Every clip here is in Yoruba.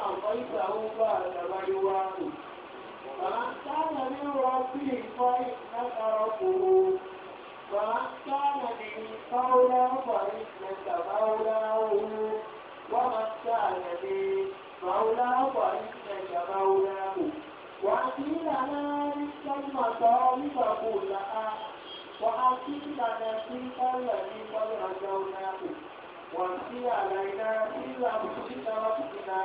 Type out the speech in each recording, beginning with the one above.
عن طريق أوفى لبيوان فمن كان من ربه فإنك ربه فمن كان به قولا فإنك مولاه ومن كان به مولاه فإنك مولاه وأكيد لنا رزقا مصارف كلها وأكيد لنا الشرك الذي قد رجوناه وأكيد علينا في رزقنا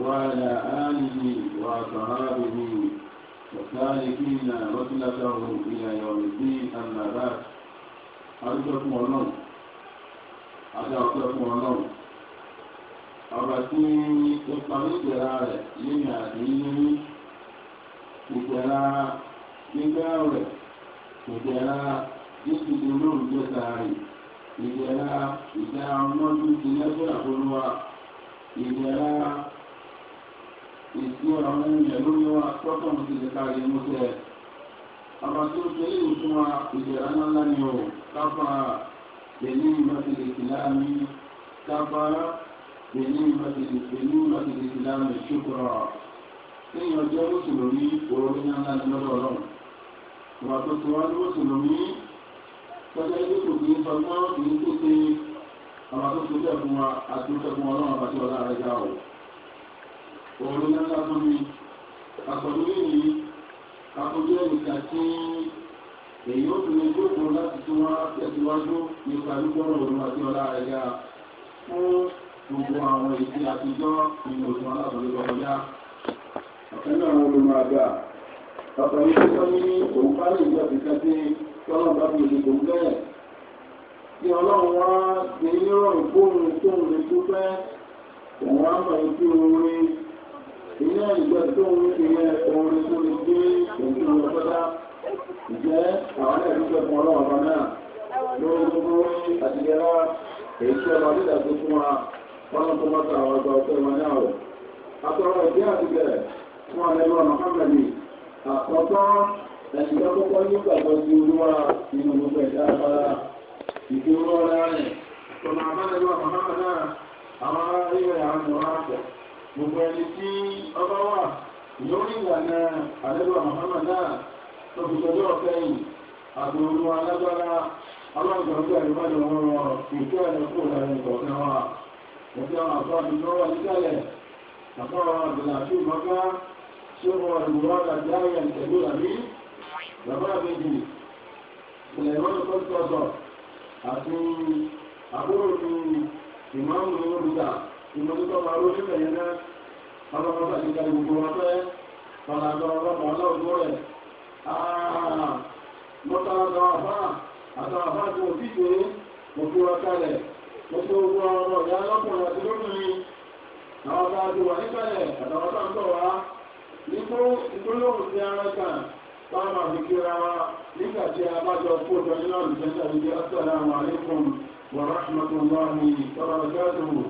وعلى آله وأصحابه وسالكين مسلكهم إلى يوم الدين أما بعد أرجوكم الله أرجوكم الله ọba tí ó parí ìjẹra rẹ̀ lẹ́yìn àdé ní ìjẹra gbígbá rẹ̀ ìjẹra nítorí olóòrùn jẹta rẹ̀ ìjẹra ìjẹra ọmọdún ti lẹ́gbẹ̀ẹ́ àkọlùwà ìjẹra èsì àwọn ènìyàn lórí wọn àtọ́kọ̀ ní ti lè kárí mú tẹ́ àwọn tí ó ṣe lè fún wa ìjẹ̀rá ńlá ni ó káfà pẹ̀lú ìmọ̀tẹ̀lẹ̀ ìsìlámi káfà pẹ̀lú ìmọ̀tẹ̀lẹ̀ pẹ̀lú ìmọ̀tẹ̀lẹ̀ ìsìlámi ṣùkúrọ̀ lẹ́yìn ọjọ́ mùsùlùmí òròrí ńlá ni lọ́dọ̀ ọlọ́run ìwà tó ti wá ní tọ́jà ilé kò kì í sọgbọ́n kì í tètè àwọn tó ti bẹ̀ fún wa àti ó òun lọ́la fún mi àkọ́dúró yìí àkọ́dúró ẹ̀ka tí èyí ó tún lè jókòó láti tún wá tẹ̀síwájú nípa gbígbọ́rọ̀ òun àti ọ̀la ẹ̀yà fún gbogbo àwọn èsì àtijọ́ nínú òṣùn alábòlébọ̀ ọjà. nínú àwọn olùmọ̀ àgbà bàbá mi tó sọ ní òun bá lè jẹ́ òṣìṣẹ́ tí tọ́lá bá fi òṣìṣẹ́ òun bẹ́ẹ̀. tí ọlọ́run wá ṣe ní rọrùn fóònù fóònù tó fẹ́ òun á mọ̀ ní kí orin iná ìgbà tó ń ìyẹn orin tó lè gbé òkú ọlọ́dá ìjẹ́ àwọn ẹ̀rí pẹ̀lú ọlọ́run kan náà lórí gbogbo àtìgẹ́rá èyí tí ọba dídà tó fún wa wọn tó bá ta àwọn ọgbà ọgbẹ́ wọn náà rẹ̀. àtọ̀rọ̀ ìdí àtìgẹ̀rẹ̀ fún àlẹ́lú ọ̀nà kámẹ́lì àkọ́kọ́ ẹ̀sìn tó kọ́kọ́ nígbàgbọ́ sí olúwa nínú gbogbo ẹ̀dá abala ìdúró ọ̀rẹ́ rẹ̀ tọ̀nà àbálẹ́lú ọ̀nà kámẹ́lì àwọn ará ilẹ̀ àwọn ọ̀rọ̀ àpọ̀ gbogbo ẹni tí ọba wà lórí ìlànà àlẹ́lú àmàmà náà tó fi sọjọ́ ọ̀fẹ́yìn àgbòrò alágbára ọlọ́gbọ̀ngbà ìwádìí ọ̀rọ̀ ìjọ ẹ̀lẹ́kù lẹ́yìn ìgbọ̀kan wa ẹ̀fẹ́ àwọn àfọ́ àbíjọ́ wà nísàlẹ̀ àfọ́ àbìlà tí mọ́ká tí ó wọ ìwọ́ àgbà ayẹ̀ ìtẹ̀lú àbí bàbá àbẹ́jì ilẹ̀ ìwọ́n tó tọ́tọ̀ àti àbúrò ní ìmọ̀ ìmọ̀lútọ́ máa ró níbẹ̀ yẹn náà ọlọ́pàá bá ti ga gbogbo wọn fẹ́ ọ̀làgbà ọlọ́pàá ọlọ́ọ̀dún rẹ̀ mọ́tà àtàwọn àbá àtàwọn àbá tó ti dé gbogbo wọn kalẹ̀ gbogbo ogun ọmọ ìyá lọ́kùnrin àti lóbìnrin àwọn bá ti kan táwọn àfi kíra wa nígbà tí a bá jọ kó jọ nínú àlùfẹ́ tàbí bí a sọ̀rọ̀ àwọn àlékún wàrà ṣùgbọ́n tó ń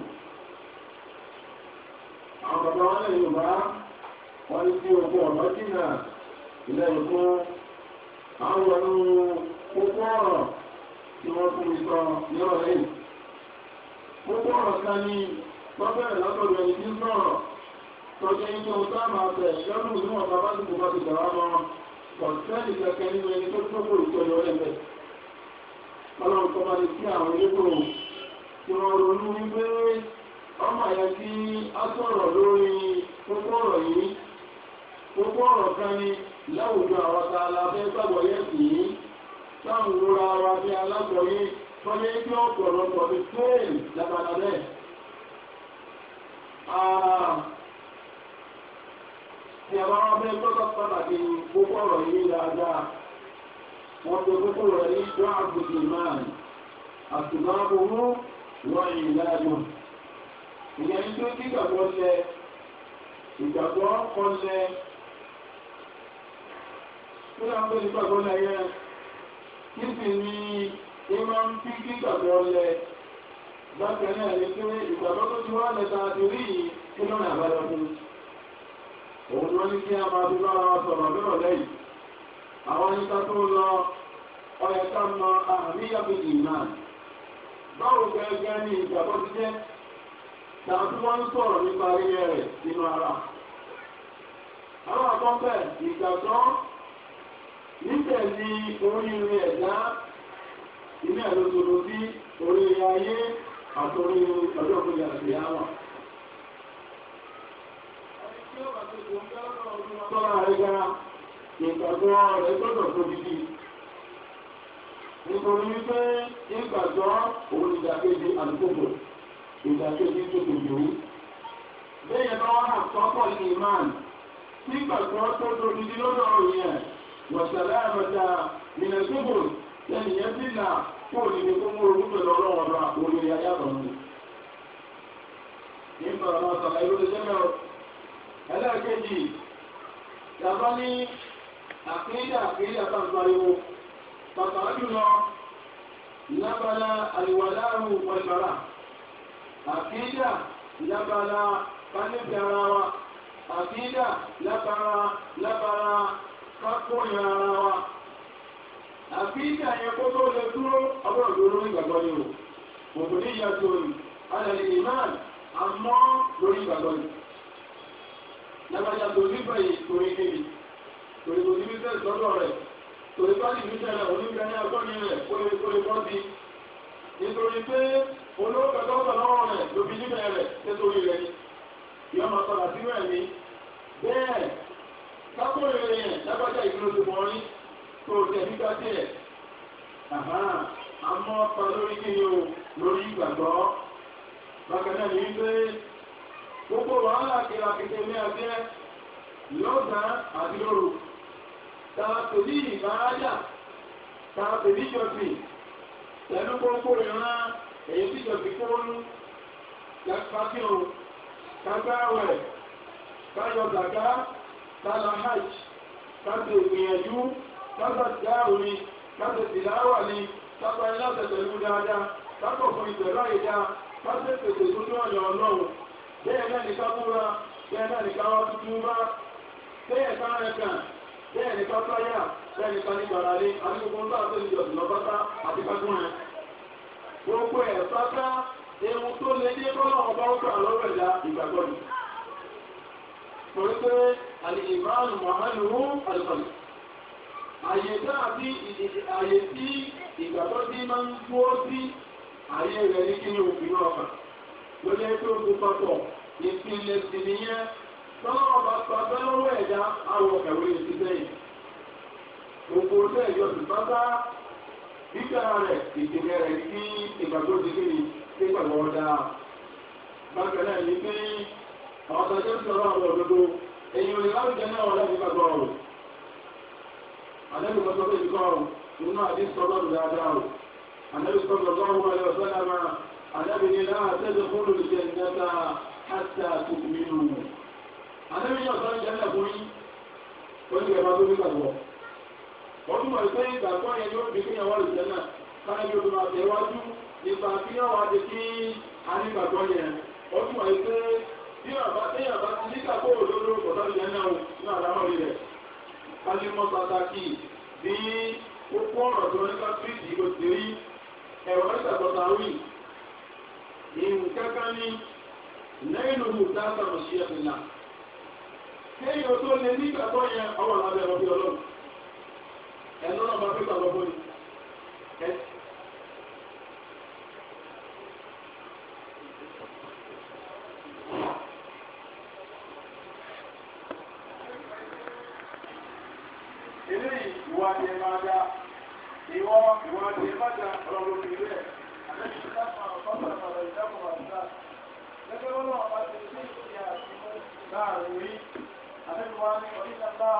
àwọn bàbá wọn lẹ́yìn yorùbá wọn ní sí ogun ọ̀nà jìnnà ilẹ̀ ìfún àwọn ọ̀nà púpọ̀ ọ̀rọ̀ tí wọ́n fún mi sọ ní ọ̀rọ̀ yìí púpọ̀ ọ̀rọ̀ kan ní tọ́bẹ̀rẹ̀ látọ̀dọ̀ ẹni tí ń sọ̀rọ̀ tọ́jọ́ yìí tó ń sáàmà tẹ̀ lọ́dún níwọ̀n bàbá ti kò bá ti gbà wọn kọ̀tẹ́ẹ̀lì kẹ̀kẹ́ nínú ẹni ọmọ yẹn tí a sọ̀rọ̀ lórí kókó ọ̀rọ̀ yìí kókó ọ̀rọ̀ kan ni láwùjọ àwọn tá a la fẹ́ gbàgbọ́ yẹn sì yìí táwọn wúra wa bí alágbọ̀yé tọ́lé tí ó pọ̀lọpọ̀ fi fẹ́ẹ̀lì lábala bẹ́ẹ̀. Tí a bá wá fẹ́ tọ́ka pàtàkì kókó ọ̀rọ̀ yìí dáadáa, wọ́n tó kókó rẹ̀ ní ìjọ àgùdì máa àtùmáàbò mú ìlànà ìyẹn ní pé kígbàgbọ́ lẹ ìgbàgbọ́ kọ lẹ kí ló ń pè ní gbàgbọ́ lẹ yẹn kí sì ni ìmọ̀ ń fi kígbàgbọ́ lẹ bákan náà ní pé ìgbàgbọ́ tó ti wá lẹ́ta ti rí yìí kí ló ń àbájọ fún òun ló ní kí a máa fi bára wa sọ̀rọ̀ lọ́rọ̀ lẹ́yìn àwọn oníta tó lọ ọ̀yẹ̀ká mọ àmì yàgò ìmáà báwo gẹ́gẹ́ ní ìgbàgbọ́ ti jẹ́ tàbí tí wọ́n ń sọ̀rọ̀ nípa ayẹyẹ rẹ̀ nínú ara. Àwọn àkọ́kọ́ ìgbàgbọ́ nítẹ̀lé oríire ẹ̀dá ilé àlòsòrò sí oríire ayé àtòrí ọjọ́ ìpínlẹ̀ àti àwọn. Sọ́ra rẹ̀ ga ìgbàgbọ́ rẹ̀ gbọ́dọ̀ tóbi sí. Nítorí wípé ìgbàgbọ́ òun ìdàkejì àdúgbò ìgbà tó ti tètè lò ó. Bẹ́ẹ̀ bá wà àkọ́kọ́ ní ìmáàn tí gbàgbọ́ tó dojú di lọ́dọ̀ yẹn wọ̀ṣẹ̀lá àmọ́ta ìnàgbọ́gbọ̀ ẹnìyẹn sì là kó o nìyẹn kó mú orúkọ lọ́rọ̀ ọ̀rọ̀ àkórí ayábọ̀ mi. Nígbà wọn sọ̀rọ̀ ìlú ti jẹ́mẹ̀ o. Ẹlẹ́ẹ̀kejì, yàtọ̀ ní àkéyídà àkéyídà tá à ń pariwo. Pàtàkì jùlọ lábala àlùwàlárù ọ̀ṣọ́ra àkídà lábala kánìfì ara wa àkídà lábala lábala kápóyà ara wa àkídà yẹn kó tó lè dúró ọgbọ́n ìdúró ìgbàgbọ́ ni o gbogbo ní ìyàtọ̀ yìí alẹ́ ìmáà àmọ́ lórí ìgbàgbọ́ ni lábàjá tó nígbà yìí torí kébi torí kò ní bí sẹ́ẹ̀sì lọ́dọ̀ rẹ̀ torí bá ní ìbísẹ̀ rẹ̀ onígbà ní agbọ́ni rẹ̀ kólékólé bọ́ sí nítorí pé olóòkè tọ́tọ̀ lọ́rọ̀ rẹ̀ lóbi níbẹ̀ rẹ̀ nítorí rẹ̀ ni ìyá máa sọ̀rọ̀ sínú ẹ̀mí bẹ́ẹ̀ kápóyè yẹn lágbájá ìdúró ti mọ̀ rí tó o tẹ̀ nígbà tiẹ̀ àmọ́ ọ̀pá lórí kí ni o lórí ìgbàgbọ́ bákan náà ní wípé gbogbo wàhálà kìlà kìkì ní abẹ́ lọ́sàn-án àti lóru ta tòlí ìbáráyà ta tòlí ìjọsìn pẹ̀lú gbogbo ìran èyí tí jọ̀bí kí wọ́n ní lápá kí òun kágbá rẹ̀ káyọ̀ gàgá kálá hajj káṣe ìgbìyànjú káṣe ìdáhùn ni káṣe ìdáhùn ni káṣe ìlàṣẹ pẹ̀lú dáadáa káṣe òfin ìtẹ̀lú àyíká káṣe pèsè lójú ọ̀nà ọlọ́run bẹ́ẹ̀ náà ní kábúra bẹ́ẹ̀ náà ní káwá tuntun bá bẹ́ẹ̀ ká rẹ̀ kàn bẹ́ẹ̀ ní ká táyà bẹ́ẹ̀ ní ká ní gbàrà lé àti gbogbo ń bá àtẹ̀lẹ́jọ́ ìlọ́pátá àti kágbọ́n rẹ̀ gbogbo ẹ̀ pátá ewu tó lè dé bọ́lá ọba ọkọ̀ àlọ́rọ̀ ìlà ìgbàgbọ́ ni. torí pé àlè ìmáàlù mọ̀hánù rú àlùfàlù. àyè dáàbí àyè tí ìgbàgbọ́ tí máa ń dúró sí àyè rẹ̀ ní kí ni òfin ọkàn. lórí ẹgbẹ́ ogun papọ̀ ìpìlẹ̀ sì nìyẹn tọ́lá ọba pàtó lọ́wọ́ ẹ̀dá àwọn ọ̀kàwé ìsísẹ́yìn. gbogbo ọjọ́ ìjọsìn pátá ìjọba rẹ̀ ìdílé rẹ̀ kí ìgbàgbọ́ òdìgbé ni kí ìgbàgbọ́ dá. bákan náà ní pé àwọn tó ń sọ̀rọ̀ àwọn òdodo èyí ò lè láwùjọ náà wọ́n láti gbàgbọ́ ọ̀rọ̀. àlẹ́ ìgbàgbọ́ bẹ́ẹ̀ kọ́ ọ̀rọ̀ nínú àdé sọ̀rọ̀ dáadáa o. àlẹ́ ìgbàgbọ́ lọ́wọ́ wọlé ọ̀sán náà àlẹ́ ìgbàgbọ́ àtẹ́jọ́ fún olùjẹ́ wọ́n túmọ̀ pé ìgbàgbọ́ yẹn yóò fi kéèyàn wà lùjẹ́ náà káyọ̀ bí olùmọ̀ àtẹ̀wájú nípa kí wọ́n wá di kí anígbàgbọ́ yẹn wọ́n túmọ̀ pé bí bàbá téèyàn bá ti nígbà kó òdodo kọ̀tà lùjẹ́ náà wò ní àdámọ́ rẹ̀ kájú mọ́ pàtàkì bí kókó ọ̀rọ̀ tó nípa fíìsì ló ti rí ẹ̀rọ ìgbàgbọ́ta wì nǹkankan ní lẹ́yìn òhun dáadáa lọ sí ẹ̀sìn náà kéèyàn tó lè nígbàgbọ́ yẹn ọwọ́ làbẹ́ ọbẹ̀ ọlọ́run ẹnu náà máa pípa lọ́gbọ́n ni. eléyìí ìwà ni ẹ máa dá ìwọ ìwà ni ẹ máa dá ọlọ́run ní ilé ẹ̀. àlejò ìdá kan ọ̀sán ọ̀sán ọ̀sán ìdá kan ọ̀sán gẹ́gẹ́ wọn náà bá ti ṣe ìṣe àtìmọ́ láàrin rí àtẹnuwa ní ọ̀nìyàn bá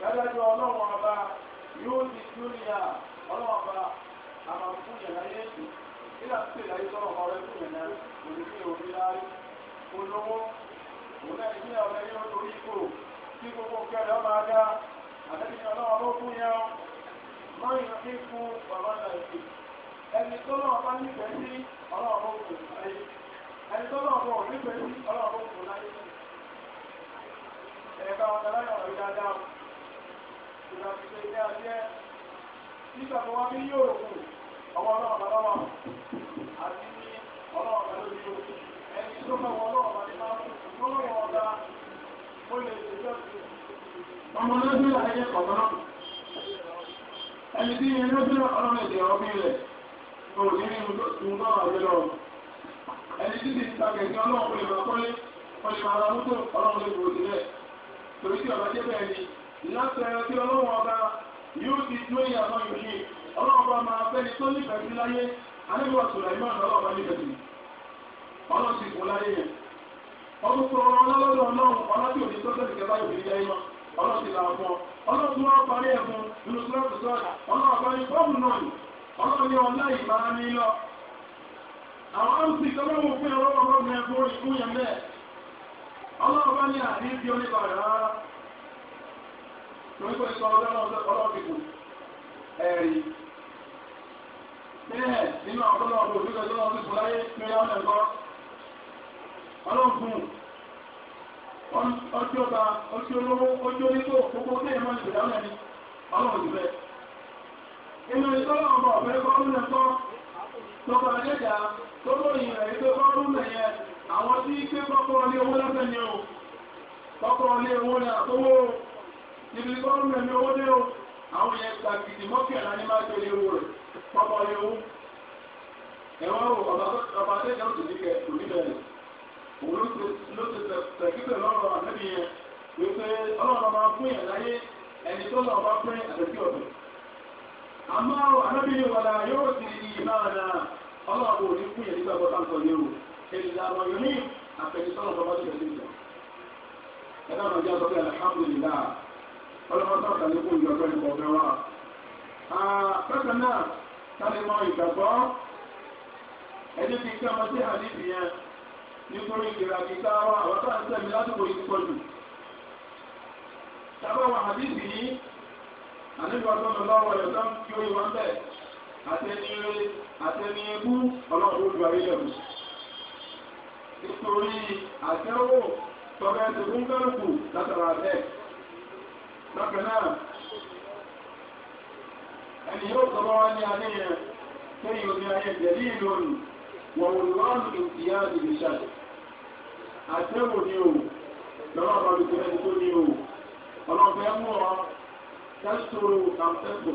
dájọ́ ọlọ́run ọba yóò ní dúnìyà ọlọ́ọ̀bá àmàfún yàrá yẹ́sù nígbà tí ìlà yìí sọ̀rọ̀ ọ̀rẹ́ fún yàrá òdìbí òbí láàrí olówó òun náà ìdí ọ̀rẹ́ yóò lórí ipò tí gbogbo kẹrẹ ọmọ aga àtẹ́bíyàn ọlọ́wọ́ ló fún yẹn mọ́yìn ní fún bàbá náà sí ẹni tó lọ́wọ́ bá nífẹ̀ẹ́ sí ọlọ́wọ́ ló fún láyé ẹni tó lọ́wọ́ bọ̀ nífẹ̀ẹ́ sí ọlọ́wọ́ ló fún láyé ẹ̀ka ọ̀tẹ̀ láyọ̀ ọ̀rẹ́ dáadáa ìgbàsíṣe ilé ayé nígbà tó wá ní yóò kù ọwọ́ ọlọ́run bá lọ́wọ́ àti ní ọlọ́run bá lórí o ẹni tó bá wọ ọlọ́run bá ní máa ń kú lọ́wọ́ ọ̀gá ó lè ṣe jọ́sí. ọmọ lọ́dún ayé kọ̀ọ̀kan ẹni tí ilé tí ọlọ́run èdè ọ̀gbìn rẹ̀ kò ní ní ìhun náà àgbẹ̀ lọ ẹni tí ti ta kẹ̀kẹ́ ọlọ́run kò lè máa kọ́lé kò lè máa ra mọ́tò ọlọ́run lè gbòòdì rẹ̀ torí tí ọ̀gá jẹ́ bẹ́ẹ̀ ni látọ̀rọ̀ tí ọlọ́run ọba yóò ti dúró ìyàwó ìròyìn ọlọ́run ọba máa fẹ́ni tó nífẹ̀ẹ́ sí láyé alẹ́gbẹ̀wà Sùlàímọ̀n ọlọ́run ọba nífẹ̀ẹ́ sí ọlọ́run sì kú láyé yẹn ọdún tó rọrùn ọlọ́lọ́dọ̀ ọlọ́run ọlọ́tí òní tó tẹ̀lé kẹta yóò fi yẹ mọ́ ọlọ́run sì là fún ọ ọlọ́run tó wá parí ẹ̀fún nínú sílẹ̀tù sọ́ọ̀dà ọlọ́run ọba ní fọ́ọ̀mù náà ni ọlọ́run ní ọlá ìmára ní ẹ̀fún ìkúnyẹ̀mẹ́ torí pé sọ ọjọ́ náà ọlọ́run ti kù ẹ̀rí bẹ́ẹ̀ nínú àwọn tó lọ́wọ́ òbí kan tó lọ́wọ́ sí fún láyé pé wọ́n lẹ̀ kọ́ ọlọ́gùn ọjọ́ ọba ọjọ́ olówó ọjọ́ onítò gbogbo tó yẹn máa ń ṣe dáhùn ẹni ọlọ́run ti bẹ́ẹ̀. inú ìtọ́lọ́ ọba ọ̀fẹ́ gọ́ọ̀rún ẹ̀kọ́ tọba àjẹjà tó lóyìn rẹ̀ pé gọ́ọ̀rún ẹ̀yẹ àwọn owó ni àtọwọ́ níbi tó ń rẹ̀ ní owó dé o àwọn yẹn gba gidi mọ́kì ẹ̀rọ ní máa tẹ̀lé owó rẹ̀ pọ́pọ́ ní owó. ẹ̀wọ́n o ọba tó jẹun tó níkẹ́ kò ní bẹ̀rẹ̀ òun ló ti tẹ̀kítẹ̀ lọ́rọ̀ ànábì yẹn wípé ọlọ́run ọba fún yẹn láyé ẹni tó lọ́ọ́ bá pín àtẹ̀sí ọ̀dọ̀. àmọ́ ànábì yẹn wàlá yóò ti ìmọ̀ àná ọlọ́run ò fún yẹn nígbà bọ́tà ń sọ ní o ìlànà yóò ní àtẹ̀sí ọ̀dọ̀ bá ti ọlọ́mọdé àtàlẹ́ kó ìgbàgbọ́ ìkọ̀ọ̀kan wa. bákan náà sáré mọ ìgbàgbọ́ ẹni tí kí ọmọdé àdébì yẹn nítorí ìgbéra kí ká wá àwọn tó ń sẹ́mi ládùúgbò yìí pọ̀ jù. sábà wà àdébì yìí àdébìwá tó ń lọ wọ ẹ̀ sọ́n kí ó yẹ wọn bẹ́ẹ̀ àtẹnire àtẹniebú ọlọ́run ojú ayé lẹ́nu. nítorí àtẹ́wò tọ́ka ẹ̀sìn fún kálukú látara bẹ́ẹ̀ lọ́kẹ̀ náà ẹni yóò sọ́bọ́ wá ní alẹ́ yẹn tó yìí omi ayé jẹ̀lí ìlónù wọ̀wọ̀ lọ́nù ìtìyà ìbìṣàlẹ̀ àtẹ́wò ni o lọ́wọ́ bá lùkú ẹni tó ní o ọlọ́fẹ́ mú ọ tẹ́sítòrò àtẹ́sítò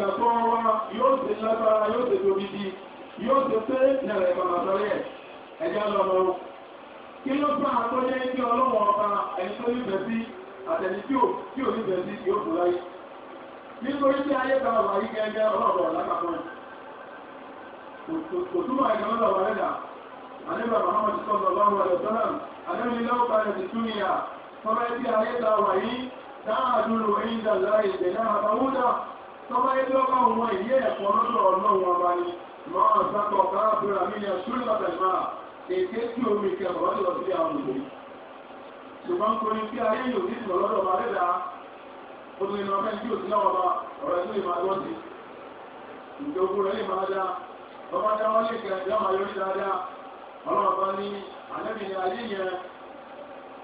ìgbàgbọ́ wa yóò ṣe lágbára yóò ṣe tóbi bí yóò ṣe pé nàrẹ̀ ìbàmàtọ́rẹ́ ẹ̀já lọ́mọ kí ló bá àtọ́jẹ́ ní ọlọ́wọ́n ọba ẹni tó nífẹ̀ẹ́ sí àtẹni tí ò tí ò nífẹ̀ẹ́ sí yóò fún láyé nítorí tí ayé bá wà yí gẹ́gẹ́ ọlọ́ọ̀bọ̀ lápapọ̀ kò túmọ̀ ẹ̀ka lọ́dọ̀ wà lẹ́dà àníbà Muhammad sọ̀rọ̀ lọ́wọ́ ẹ̀dọ̀ sọ́nà àníbi lọ́wọ́ parẹ́ ti tún níyà tọ́lá tí ayé bá wà yí dáhà dúró ẹ̀yìn dàlá ìgbẹ̀ náà àbáwúdà tọ́ba yẹn lọ́ba wọn ìyé ẹ̀kọ́ lọ́dọ̀ ọlọ́run ọba ni máa sábà kára fún mi ní ẹ̀sùn lọ́bẹ̀ máa èké tí omi kẹfọ́ lọ́dọ̀ sí àwọn òbí. ṣùgbọ́n torí kí ayé yóò ní ìtọ̀ lọ́dọ̀ ọba lẹ́dà obìnrin náà fẹ́ kí òsì náà ọba ọ̀rẹ́ tó lè máa gbọ́ sí. ìjọba rẹ̀ lè máa dá ọba dá wọlé kẹ yọmọ yọrí dáadáa ọlọ́run bá ní àlẹ́bí ni ayé yẹn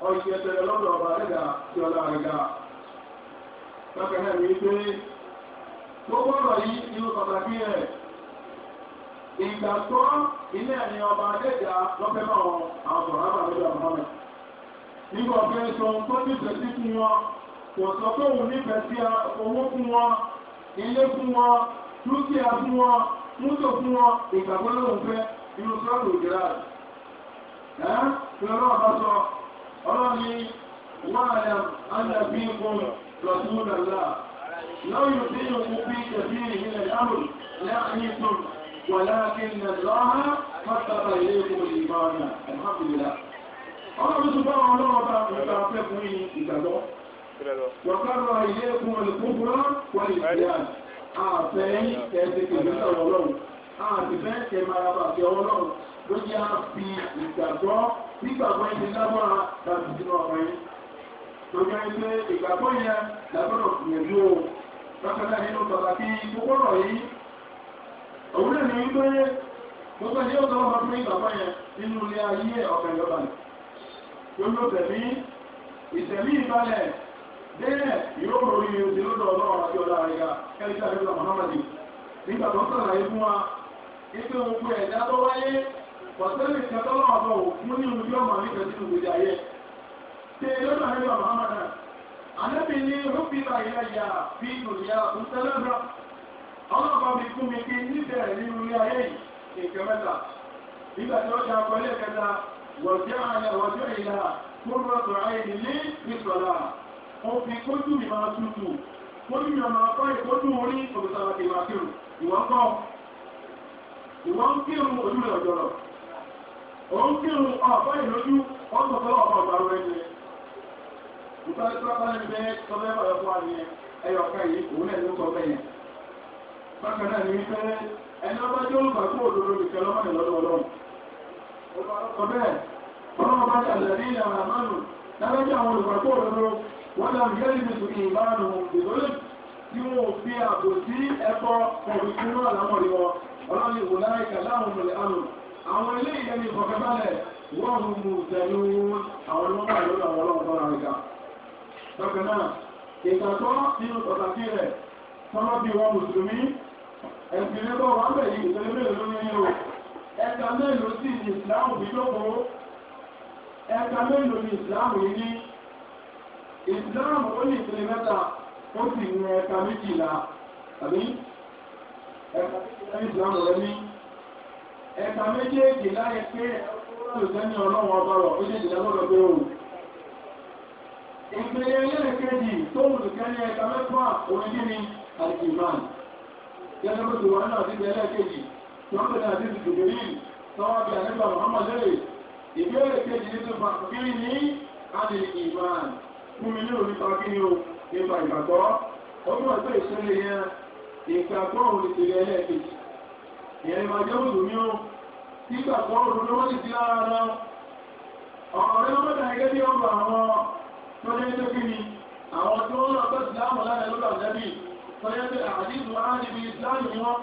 ọ̀yẹ̀tẹ̀rẹ̀ tó gbọ́dọ̀ yí inú pàtàkì rẹ̀ ìgbàgbọ́ ilé ẹ̀yìn ọba adéjà lọ́fẹ́ náà àwọn sọ̀rọ̀ àbàlẹ́jà mohammed nígbà ọ̀gbẹ́ sọ tó nífẹ̀ẹ́ sí fún wọn kò sọ pé òun nífẹ̀ẹ́ sí owó fún wọn ilé fún wọn dúkìá fún wọn mútò fún wọn ìgbàgbọ́ lóun fẹ́ inú sọ́ọ̀lù ìgbéra rẹ̀ ẹ́ fi ọlọ́run bá sọ ọlọ́run ni wọ́n àyà ń dàbí ikú rọ̀tún nàlá لو يطيعكم في كثير من الأمر لعنتم ولكن الله فتق إليكم الإيمان الحمد لله ọlọ́run tó bá wọn lọ́wọ́ bá nípa afẹ́kùn yìí ìgbàgbọ́ wọ̀kọ́rọ̀ ilé ẹkùn olùkúkúrọ́ wọ́n ìgbìyà àfẹ́yìn ẹ̀ẹ́dẹ̀kẹ̀ lọ́wọ́ ọlọ́run àtìfẹ́ ẹ̀màràbà àti ọlọ́run ló jẹ́ á fi ìgbàgbọ́ nígbàgbọ́ ìdí lágbára láti sínú ọmọ yìí tó jẹ́ pé ìgbàgbọ́ yẹn lágbọ́dọ̀ gbìyànjú lọ́pẹ́ta nínú tọ̀lá bí gbogbo ọ̀rọ̀ yìí òun náà ní wípé gbogbo ẹni ọ̀dọ́ ọmọ fún ìgbàgbọ́ yẹn nínú ilé ayé ọ̀fẹ́ ìjọba ni gbogbo tẹ̀mí ìtẹ̀mí ìbalẹ̀ délẹ̀ yóò lórí oṣù lọ́dọ̀ ọlọ́run àti ọlá àríyá kẹ́lẹ́kẹ́ àríyá Muhammadu nígbà tó ń sàlàyé fún wa ipe gbogbo ẹ̀dá tó wáyé pọ̀tẹ́lì kẹtọ́lọ́ ọ̀dọ̀ òfin ní ojú ọmọ nígbà tí gbogbo ayé tẹ lọ́dọ̀ àríyá Muhammadu ànábì ní rúbìlà ìyáyà bí ìròyìn àtúntẹ́lẹ́bà ọlọ́pàá mi fún mi pé níbẹ̀rẹ̀ ní orí ayé yìí nǹkan mẹ́ta nígbà tí ó ṣe àkọlé kẹta wọ̀jẹ́ àyà wọ̀jẹ́ ìlà tó rọ̀tọ̀ ayé nílé ìsọ̀lá ó fi kójú mi máa tutù kójú mi máa kọ́ ìkójú orí òmìnira ti máa nítorí tí wọ́n bá ní bẹ́ẹ̀ sọ bẹ́ẹ̀ bọ̀dọ̀ fún wa nìyẹn ẹyọ ọ̀ka yìí òun náà ló sọ bẹ́ẹ̀ yẹn. bákan náà ní wípé ẹni ọba tí ó ń gbàgbọ́ òdodo nìkan lọ́mọ ní lọ́dọ̀ ọlọ́run. sọ bẹ́ẹ̀ ọlọ́run bá dà lẹ́yìn ìlànà àmánù lábẹ́jọ́ àwọn olùgbàgbọ́ òdodo wọ́n dà gẹ́lì nìtù ìmánu ìdólè tí wọn ò fi àbò sí ẹ̀kọ́ ọ̀rùn ìkúnú àlámọ̀rí wọn ọlọ́run ìwò láyé kàlá àwọn ọmọlẹ̀ àlù àwọn ilé ìyẹn ní ìfọ̀kànbalẹ̀ wọ́n mú un tẹ̀lé àwọn ọlọ́pàá lórí àwọn ọlọ́pàá rẹ̀ ga lọ́kàn náà ìgbàgbọ́ nínú pàtàkì rẹ̀ tọ́lá bí wọn mùsùlùmí ẹ̀sìn lẹ́bọ̀ wọn bẹ̀ yìí ìtọ́lẹ́ mélòó lórí ní o ẹ̀ka mélòó sí ní ìsìláàmù bí lóko ẹ̀ka mélòó ní ìsìláàmù yìí ní ìsìláàmù ó ní ìpele mẹ́ta ó sì ní ẹ̀ka méjìlá tàbí ẹ̀ka méjìlá ìsìláàmù rẹ̀ ní ẹ̀ka méjèèjì láyé pé ọlọ́run sẹ́ni ọlọ́run ọba rọ̀ ó ṣèjìlá lọ́dọ̀ pé òun ìpele ẹlẹ́ẹ̀kejì tó olùkẹ́ni ẹ̀ka mẹ́fà onígbìmí àti ìmáà gẹ́gẹ́ bó ti wà náà sí ẹlẹ́ẹ̀kejì tó ń bẹ̀rẹ̀ àti ìdùnnú tọ́wọ́ bí àníbà Muhammad lẹ́rẹ̀ ìbéèrè kejì ní tuntun kí ni àti ìmáà fún mi ní orí pàkí ni o nípa ìgbàgbọ́ ó bí wọ́n tó ìṣẹ̀lẹ̀ yẹn ìgbàgbọ́ òun ti tẹ̀lé ẹlẹ́ẹ̀kejì ìyẹn ni màjẹ́ mùsùlùmí o nígbàgbọ́ òun ló wọ́n ti ti lára ọ̀rẹ́ ọmọdé gẹ́gẹ́ bí ọgbà àwọn tó lé tó kí ni àwọn tó ń rọ̀gbọ́ ìsìláàmù lára lọ́dọ̀ lẹ́bí tó yẹ pé àdìsù á ní ibi ìsìláàmù ni wọ́n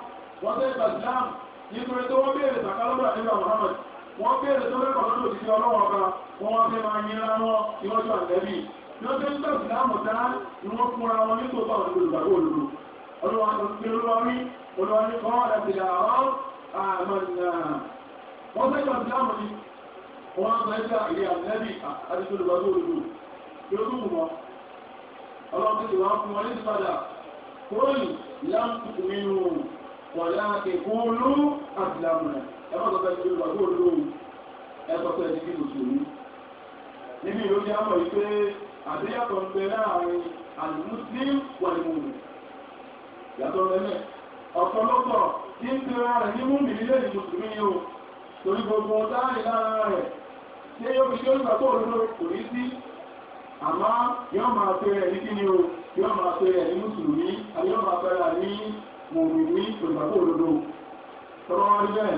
wọ́n fẹ́ gba ìsìláàmù nítorí tó wọ́n béèrè sàkà lọ́dọ̀ àdìsù Muhammad wọ́n béèrè tó lẹ́kọ̀ọ́ lọ́dọ̀ òṣìṣẹ́ ọlọ́wọ́ ọba wọ́n wá fẹ́ máa yin ra wọn ìwọ́jú àlẹ́bí wọ́n fẹ́ gba ìsìláàmù dá ni wọ́n fúnra wọn ní tòótọ́ olùgbàgbọ́ olùdó olùwàní yóò dùn wọn ọlọ́run tó ti wá fún wọn ní ìpadà kúròyìn láǹtùkù nínú wàlá ìkúlú àbìlámùnà ẹ má sọpẹ́ ìdílé wà lóòrò lóòrò ẹ sọpẹ́ ìdílé mùsùlùmí. níbi ìlú jẹ́ àmọ̀ yìí pé àdéyàtọ̀ ń bẹ láàrin àlùmùsùlùmí wàlùmùmù yàtọ̀ lẹ́mẹ̀ ọ̀pọ̀lọpọ̀ tí ń pe ara rẹ̀ ní múmi nílé ìlú mùsùlùmí yìí o torí gbogbo táàrí lára rẹ̀ ṣé yóò fi ṣe ó àmọ́ yóò máa pe rẹ̀ ní kíni o yóò máa pe rẹ̀ ní mùsùlùmí àbí yóò máa pe rẹ̀ ní mùmìnì olùgbàgbọ́ òdodo tọ́lọ́ wọn rí bẹ́ẹ̀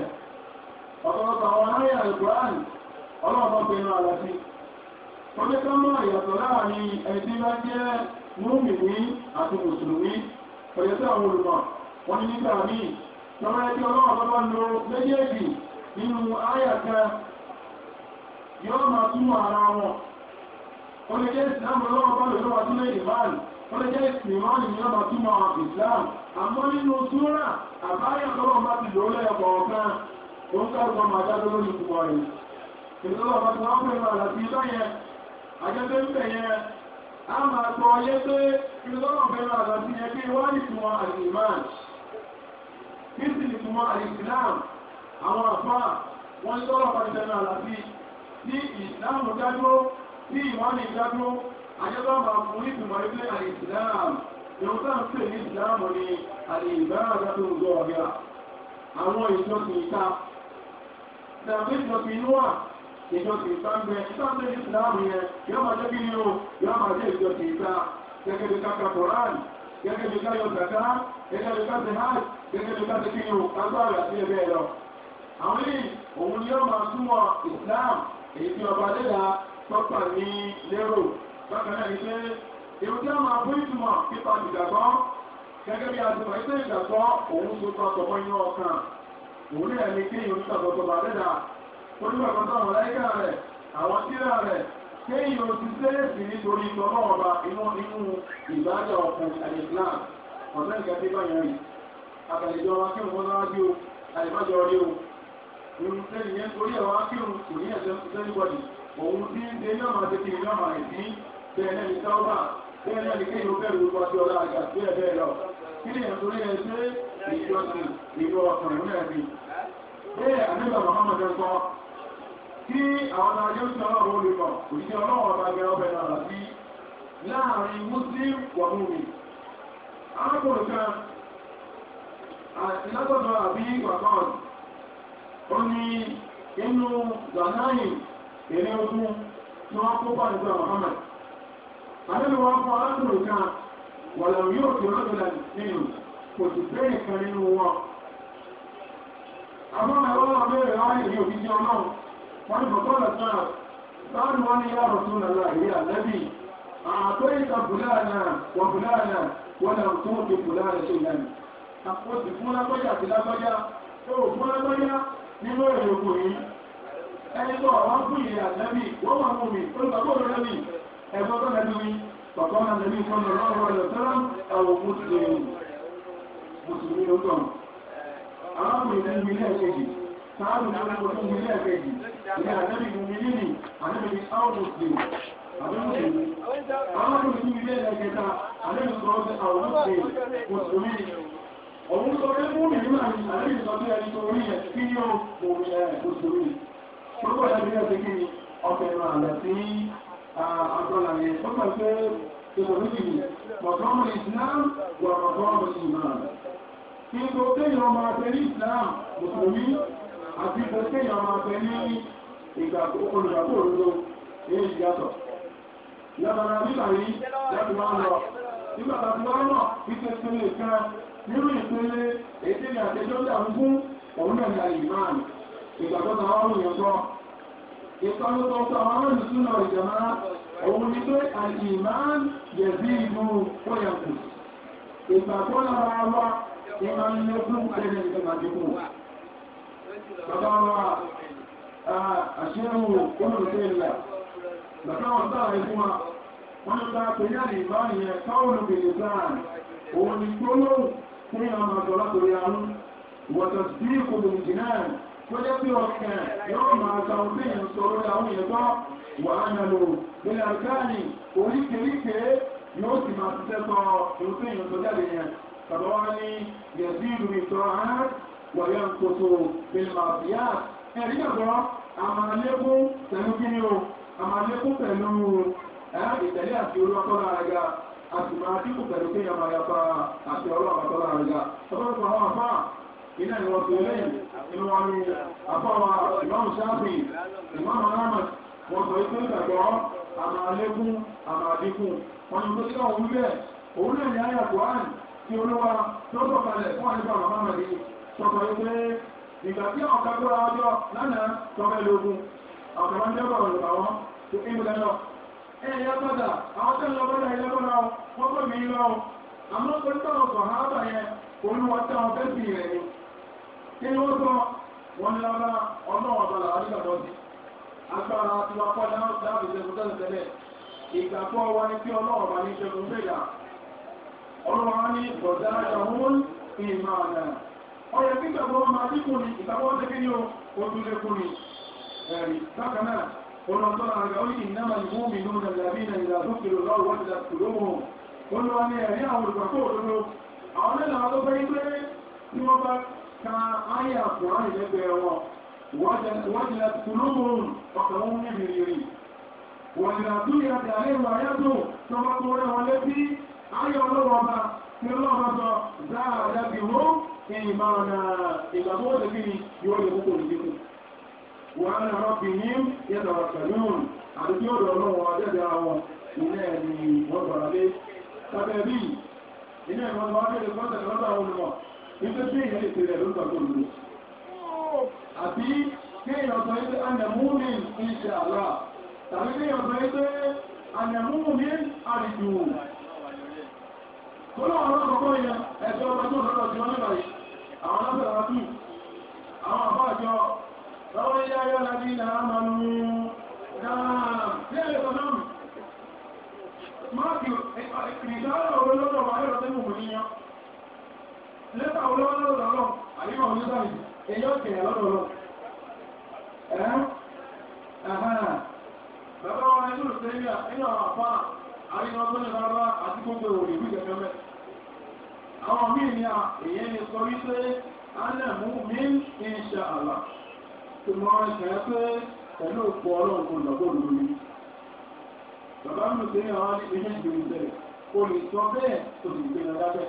ọ̀pọ̀lọpọ̀ àwọn aráyà alukuran ọlọ́ọ̀bọ̀ pe inú ara sí wọ́n ní ká mọ̀ ìyàtọ̀ láàrin ẹni tí bá jẹ́ mùmìnì àti mùsùlùmí pẹ̀lú àwọn olùmọ̀ wọ́n ní nígbà míì tọ́lọ́ wọ́n lè jẹ́ ìsìlámù ọlọ́wọ́ bá lọ́wọ́ wá sílẹ̀ ìbáàlì wọ́n lè jẹ́ ìsìnmáàlì ní ọba túmọ̀ ìsìlám àmọ́ nínú súrà àbáyọ̀ tọ́wọ́ bá ti lò lẹ́yọ̀ kọ̀ọ̀kan ó ń sáré wọn máa jáde lórí ìtumọ̀ rẹ̀ ìtọ́lọ́ bá ti wọ́n pè wà láti ilé yẹn àjẹpẹ́ ń bẹ̀ yẹn a máa gbọ́ ọyẹ́ pé ìtọ́lọ́ bẹ̀ wà láti yẹn pé wọ́n ní ìtumọ̀ àlìmáà kí sì ní ìtumọ̀ àlìsìlám àwọn àfáà wọ́n ń tọ́lọ́ bá ti tẹnu àlàfi ní ìsìlámù dájú tí ìwọ́n ní ìdádúró àjọ́bá máa fún ní ìgbìmọ̀ ilé àìsìláàm yóò sáà ń pè ní ìsìláàmù ní àìbáradá tó ń gbọ́ ọ̀gá àwọn ìjọsìn ìta tàbí ìjọsìn inú wà ìjọsìn ìtàgbẹ̀ ìtàgbẹ̀ ìsìláàmù yẹn yóò máa jẹ́ kí ni o yóò máa jẹ́ ìjọsìn ìta gẹ́gẹ́ bí káka koran gẹ́gẹ́ bí káyọ̀ zaka gẹ́gẹ́ bí káṣe hajj gẹ́gẹ́ bí káṣe kí ni o agbára sí ẹgbẹ́ lọ àwọn yìí òun yóò máa túmọ̀ ìsìláàmù èyí tí ọba lẹ́la tọ́pà ní lérò bákan náà ní pé èrò tí a máa fún ìtumọ̀ nípa ìgbàgbọ́ gẹ́gẹ́ bí a ti mọ̀ ẹgbẹ́ ìgbàgbọ́ òun tó tọ́ tọmọ inú ọkàn òun náà ní kéèyàn ń tàbọ̀ tọmọ àdẹ́dà onígbàgbọ́ tó àwọn láyíká rẹ̀ àwọn tíra rẹ̀ kéèyàn ti sẹ́ẹ̀sì nítorí ìtọ́nà ọba inú inú ìbájà ọkùn àti Islam ọ̀nà ìgbàgbé báyọ̀ rí àtàlejò wa kí òun náà bí o àìmájọ rí o ìrùn sẹ́ni yẹn torí ẹ̀wọ̀n á kírun kò ní ẹ̀sẹ̀ òun tí ń ṣe yọ̀mọ̀ ti kiri yọ̀mọ̀ ìdí bẹ́ẹ̀ náà ní sáwọ́bà bẹ́ẹ̀ náà ní kéèyàn bẹ̀rù ọjọ́ ọ̀la àgbà bẹ́ẹ̀ bẹ́ẹ̀ lọ kí ni ìtòrí ẹ ṣe ìjọsìn ìlú ọkùnrin náà bí bẹ́ẹ̀ àníbà Muhammad ń kọ́ kí àwọn ayé ń sọ ọ̀rọ̀ olùkọ́ òṣìṣẹ́ ọlọ́wọ́ ọba gẹ ọbẹ̀ náà sí láàrin Muslim wàhùnmi arákùnrin kan àti látọ̀dọ̀ àbí wàkọ́ọ̀n ó ní inú gbàdáyìn èdè ọdún tí wọ́n kó pàdé pẹ̀lú Muhammad adébí wọn fọ arákùnrin kan wọ̀lọ̀ yóò fi rọ́dọ̀lá nínú kò sì bẹ́ẹ̀ kan nínú wọn àwọn ọmọ ọlọ́wọ́ bẹ̀rẹ̀ láàyè ní òfìsí ọlọ́run wọ́n ní bọ̀kọ́ lọ sáà sáàrùn wọn ni yàrá tó lọ́la ìyá àlẹ́bí àtọ́ ìta bùláàna wà bùláàna wọ́n náà tó ń tó bùláàna ṣe lẹ́nu àpótí fún lágbájá àti lágbájá tó fún ẹni tó ọ̀rọ̀ ń fún ìyẹn àtẹ́bí wọ́n máa mú mi tó ń gbàgbọ́ rẹ̀ mi ẹ̀gbọ́n tó lẹ́nu mi bàbá máa lẹ́nu ìfọ́n lọ lọ́wọ́ rẹ̀ tẹ́lẹ̀ ẹ̀wọ̀ mùsùlùmí mùsùlùmí ló tọ̀. arákùnrin ní ilé ẹ̀kejì sáàbù ní ọlọ́wọ́ tó ilé ẹ̀kejì ilé àtẹ́bí ní ilé ní àtẹ́bí ní sáwọn mùsùlùmí arákùnrin ní ilé ẹ̀kẹta àtẹ́bí sọ̀rọ̀ àwọn mùsùlùmí òun sọ pé mú mi nígbà ní àtẹ́bí sọ pé ẹni tó rí ẹ̀ kí ni ó Gbogbo ẹ̀dá bí wọ́n ti kí ni ọkọ̀ ẹ̀rọ àlọ́ sí àgbọ̀là yẹn. Ó kàn pé ìṣòro yìí mọ̀kànmù Islam wà mọ̀kànmù Imam. Kí n tó kéèyàn máa fẹ́ ní Islam Mùsùlùmí àti kò kéèyàn máa fẹ́ ní ìgbà olùgbàgbọ́ òdodo èyí yàtọ̀. Lábàrá nígbà yìí láti máa lọ. Nígbà tàbí wọ́n mọ̀ wípé sílé kan nínú ìpele èdè ní ìpalọ́tọ̀ ọ̀tọ̀ àwọn ọ̀rọ̀ ìsúná ìjọba òun ni pé àti ìmáàn yẹ̀bí inú kóyàkù ìgbàgbọ́ lára wa ní máa ń lẹ́kún tẹ́lẹ̀ ìgbàgbẹ́kù bàbá wa àṣírò olùsẹ́ ilẹ̀ bàbá wọn sáà ikú wa wọ́n ń bá pẹ̀lú àti ìmáàn yẹn káwọn obìnrin sáà òun ni gbólóhùn fún àwọn àjọ látòrí àánú wọ̀tọ̀ sí ìkòlù ìjìnlẹ̀ tó jẹ́ pé ọkàn yóò máa ta ojú èèyàn sọ̀rọ̀ àwọn èèyàn gbọ́ wà á nà lò lórí àgbáàní oríkèéríkèé yóò sì máa ṣiṣẹ́ sọ ojú èèyàn tó jáde yẹn bàbá wa ní yẹ̀sí ìlú ìtọ́ àá wọ̀yẹ́ nkoso ìlmàbíyà ẹ̀rí gbàgbọ́ àmàlẹ́kún pẹ̀lú kíni iná ni wọ́n fi lẹ́yìn inú wọn ni àfọwà ìmáàmù sáfì ìmáàmù alámà wọn sọ ikú ìgbàgbọ́ àmà àlékún àmà àdínkù wọn ni gbèsè àwọn wíwẹ̀ òun náà ní àyà Quran tí olúwa tó sọ kalẹ̀ fún àyíká Muhammad yìí sọ̀tọ̀ ìpè ìgbà tí àwọn kagbóra ọjọ́ lánàá tọ́kẹ́ lógún àwọn kan máa ń jẹ́ bọ̀rọ̀ lọ́wọ́ àwọn tó kí kí ni ó sọ wọn ní lára ọ̀nà ọ̀dọ̀ làwọn nígbà tó ti agbára tí wọn kọ́ dáàbò ṣe fún tẹ́lẹ̀tẹ́lẹ̀ ìgbàgbọ́ wa ni kí ọlọ́run bá ní ṣe fún fẹ́yà ọlọ́run ní bọ̀dá ìyàwó ìmọ̀ àná ọ̀rẹ́ gbígbàgbọ́ máa dínkù ni ìgbàgbọ́ ṣe kí ni ó ojú lé kú ni ẹ̀rí bákan náà olùtọ́lá àgbà ó ní ìnáwó ìwú mi ló ń lẹ́bí ní ìlà tó kìlọ̀ lọ́wọ́ wọ́n ti dà kúrò wọn olùwà ni ẹ̀rí àwọn olùgbàgbọ́ òdodo àwọn mẹ́ta wọn tó fẹ́ pé tí wọ́n bá ka ayé àkùrá ìlẹ́gbẹ̀ẹ́ wọn wọ́n jẹ́ tùlùmùn ọ̀kàn wọn ní mìíràn wọ́n jẹ́ àtúnyẹ̀ àti àlẹ́rù àyájò tó bá tó rẹ̀ wọn létí ayé ọlọ́wọ́ ọba tí ọlọ́wọ́ sọ dáadáa bí wọ́n ìmọ̀ ọ̀nà ìgbàgbọ́ òdòdó ni yóò lè kókò nídìkù wọ́n rọ̀ bí ní yẹ́ta wàtàlúùn àti tí ó rọ̀ lọ́wọ́ àjẹ́dẹ̀ àwọn ilé ẹni wọ́n gbàrà lé tàbí ẹbí ilé ìwọ̀n wípé tí èèyàn lè tẹ̀lé ló tọ́jú lò àbí kí èèyàn sọ wípé anẹ̀múmi ń ṣe àlá tàbí kí èèyàn sọ wípé anẹ̀múmi àrìjù tó náà wọn kọ́kọ́ yẹn ẹ̀jọ́ ọba tó lọ́dọ̀ tí wọ́n nígbà yìí àwọn alábẹ̀rẹ̀ wá tù àwọn àbá àjọ lọ́wọ́ ilé ayé ọ̀làdí ilẹ̀ àmàlù náà ní ẹ̀rẹ́ sọ náà máàkì ìrìnsáyà òwe lọ́dọ̀ wà lọ́dọ̀ tẹ́lẹ̀ òmìnira lẹ́tà olówó lọ́dọ̀ lọ àyíkọ̀ ní sọ́yìn èyí ọ̀kẹ̀ lọ́dọ̀ lọ ẹ́ ẹ̀hánà bàbá wọn ní ìlú sẹ́yìn nínú àwọn àpá àríwá tó ní bàbá àti gbogbo èrò ìlú ìjẹ̀kẹ́ mẹ́ àwọn míì ní èyí ni sọ wípé anẹ́mú mi ń ṣe àlà tó mọ ìṣẹ́ pé pẹ̀lú òpó ọlọ́run kò lọ́gbọ́n lórí bàbá mi sẹ́yìn àwọn ilé ìjẹ̀kẹ́ olùsọ bẹ́ẹ̀ olùgbé lọ lábẹ́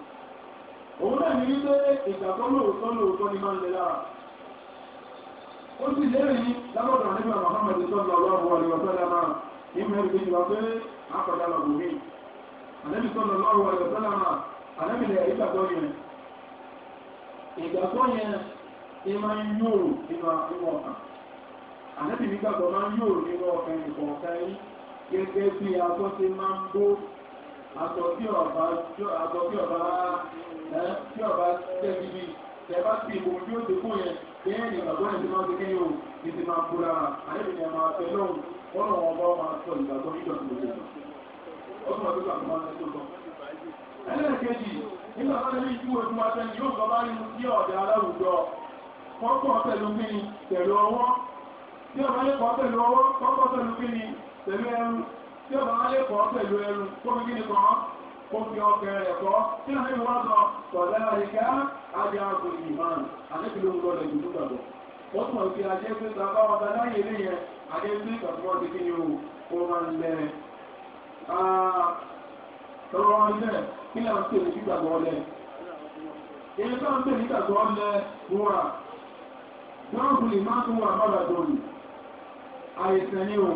òun náà ní wípé ìgbàgbọ́ lóòótọ́ lóòótọ́ ni máa ń lè lára ó sì léèrè ní lábọ̀dọ̀ nígbà Muhammad sọ́dọ̀ ọlọ́run àríwá sọ́dọ̀ máa ní mẹ́rin kejì wá pé àpàdà lọ bùnmí àlẹ́bí sọ́dọ̀ ọlọ́run àríwá sọ́dọ̀ máa àlẹ́bí lè ìgbàgbọ́ yẹn ìgbàgbọ́ yẹn ni máa ń yóò nínú ọkàn àlẹ́bí nígbàgbọ́ máa ń yóò nínú ọkàn ìkọ̀ọ̀kan yìí gẹ́gẹ́ bí agbọ́n ti máa ń àtọ̀ kí ọba àtọ̀ kí ọba ẹ kí ọba tẹ́bi bí tẹ̀bá sí ipò tí ó ti kú yẹn bẹ́ẹ̀ ni ìgbàgbọ́ ẹ̀ ti máa ń gbé o ní ti máa kúra àyẹ̀bí ni ẹ máa tẹ lọ́hùn wọ́n lọ́wọ́ ọba máa sọ ìgbàgbọ́ nígbà tó lè lọ. ó tún wà tó gbàgbọ́ máa ń tó lọ. ẹlẹ́ẹ̀kejì nígbà tó lè ju ojú wa tẹ́ni yóò sọ bá ní mu sí ọ̀dà aláwùjọ kọ́kọ́ pẹ̀lú kíni pẹ̀lú ọwọ́ tí ọ̀rọ̀ tí ọba wọn lè kọ́ pẹ̀lú ẹrù kó fi kíni kan kó fi ọkẹ rẹ̀ kọ́ tí wọ́n fi wọ́n sọ sọ̀dá àríkà ajé àgbò ìmọ̀ràn àníkìlú ń lọ lẹ́yìn fún gbàgbọ́. ó túnmọ̀ sí ajé pé bàbá ọba láyé ilé o ó máa ń lẹ tọrọ ilẹ̀ kí ni à ń pè ní gbígbàgbọ́ lẹ̀ èyí tó ń pè tún wà bàbà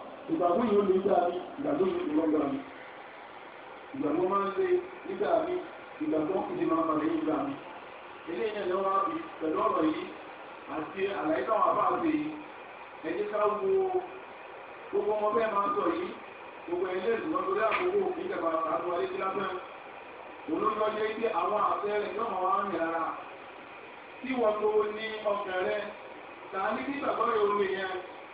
ìgbàgbọ́ yìí ó lè gbà mí ìgbàgbọ́ yìí ó lọ gbà mí ìgbàgbọ́ máa ń lé nígbà mí ìgbàgbọ́ ìdí máa ń balẹ̀ yìí gbà mí ilé yẹn ló wá bí pẹ̀lú ọ̀rọ̀ yìí àti àlàyé táwọn àbá àti yìí ẹ jẹ́ ká wo gbogbo ọmọ bẹ́ẹ̀ máa sọ yìí gbogbo ẹ̀ lé ìdùnnú torí àkókò ìjọba àtàkùn alẹ́ ti lápẹ́ olóyún ọjọ́ ibi àwọn àfẹ́rẹ́ yọ̀mọ̀ wá ń yàrá tí wọ́n tó ní ọkàn rẹ̀ tàà ní kí gbàgbọ́ yòó lè yẹn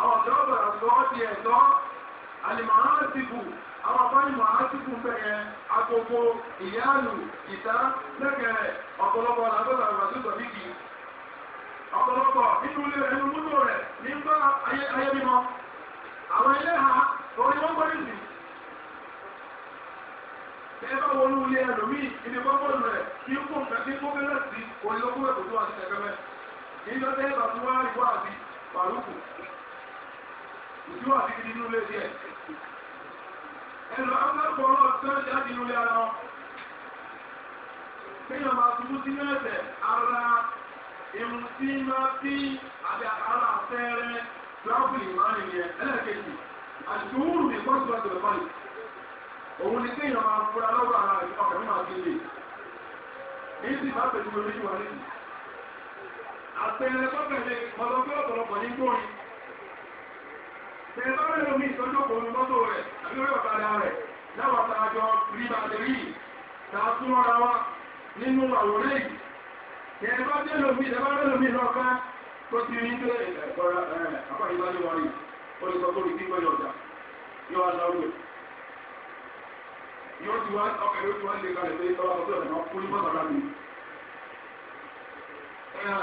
àwọn ọ̀dọ́ bẹ̀rẹ̀ sọ ọ́ di ẹ̀tọ́ àlìmọ̀ràn ti bù àwọn afọ́nìmọ̀ àtìkù bẹ̀rẹ̀ agogo ìyáàlù ìta lẹ́gẹ̀rẹ̀ ọ̀pọ̀lọpọ̀ làbẹ́lẹ̀ àgbàdúgbò níkì ọ̀pọ̀lọpọ̀ nínú ilé rẹ̀ nínú múlò rẹ̀ nígbà ayé mímọ́ àwọn ilé ha orí wọ́n gbọ́dọ̀ sí ẹgbẹ́ wọnú ilé ẹlòmíì ibi gbọ́gbọ́n rẹ̀ kí ó kó nǹkan tí ó bẹ̀rẹ̀ sí orí lókùnrin tó tó àti ẹgbẹ́ mẹ́ ìdúrà ní nínú ilé díẹ̀. ẹnu amẹ́kọ̀ọ́ náà tí wọ́n jáde nínú ilé ara wọn. kéèyàn máa tubú sínú ẹ̀sẹ̀ ara irun tí máa fi àbí ara àfẹ́rẹ́ láwùjọ ìwádìí nìyẹn ẹlẹ́ẹ̀kejì àti wúrù ní kọ́sùn láti lọ́pàá yìí. òun ni kéèyàn máa fura lọ́wọ́ ara ìfọkàn mímọ́ àti ilé. èyí sì máa pẹ̀lú orí ìwà nìyí. àpẹẹrẹ tọ́pẹ̀lẹ̀ mọ̀lọ́gbẹ́ ọ̀pọ̀lọpọ̀ ní gbóyin tẹ̀lé bá rẹ̀ lómi ìtọ́jú òkòrò mọ́tò rẹ̀ àbí orí ọ̀kadà rẹ̀ láwọn àtàjọ rí a tún mọ́ra wa nínú àwòrán yìí tẹ̀lé bá rẹ̀ lómi tẹ̀lé bá rẹ̀ lómi lọ́ka tó ti rí pé ẹ̀kọ́ra àpá ìbájú wọn rí ó lè sọ tó rí bí gbọ́dọ̀ ọjà yóò wá lọ́wọ́ yóò ti wá ọkọ̀ yóò ti wá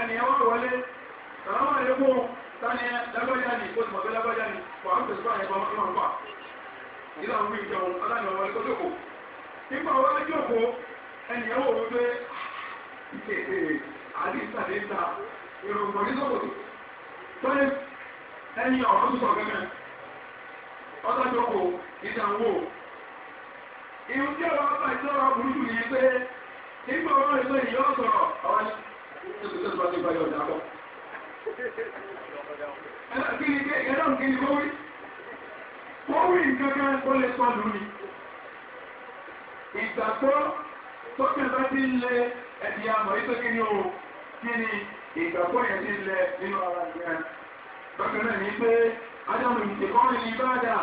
ẹni ẹwà wọlé sàlámà ẹgbó tani lágbájá ni ó ti mọ̀ pé lágbájá ni wà á tẹ̀síwá yẹn bọ́ ọmọ nípa ìlà ń wí ìjọun aláàmì ọmọ ẹgbẹ́ jókòó nípa wọlé jókòó ẹni ẹwà wọlé pé àdìsá àdìsá ìròyìn mọ̀lẹ́ sọ̀rọ̀ tọ́lẹ̀ ẹni ọ̀rọ̀ tó sọ̀rọ̀ gẹ́gẹ́ ọ̀tá jókòó ìdánwò ìrùjẹ́ ọ̀rọ̀ bàjẹ́ ọ̀rọ̀ burúkú yìí pé nípa wọlé pé ìyọ́ sọ̀rọ̀ ọ̀rọ̀ Ìgbàgbọ́ tọ́kẹ̀ bá ti ń lẹ ẹ̀dì àmọ̀ ìtọ́kẹ́ ní oòrùn kí ni ìgbàgbọ́ yẹn ti lẹ nínú ara ìgbà. Bákan náà ní pé Ádámù ìṣèkọ́rin ní Ìbàdà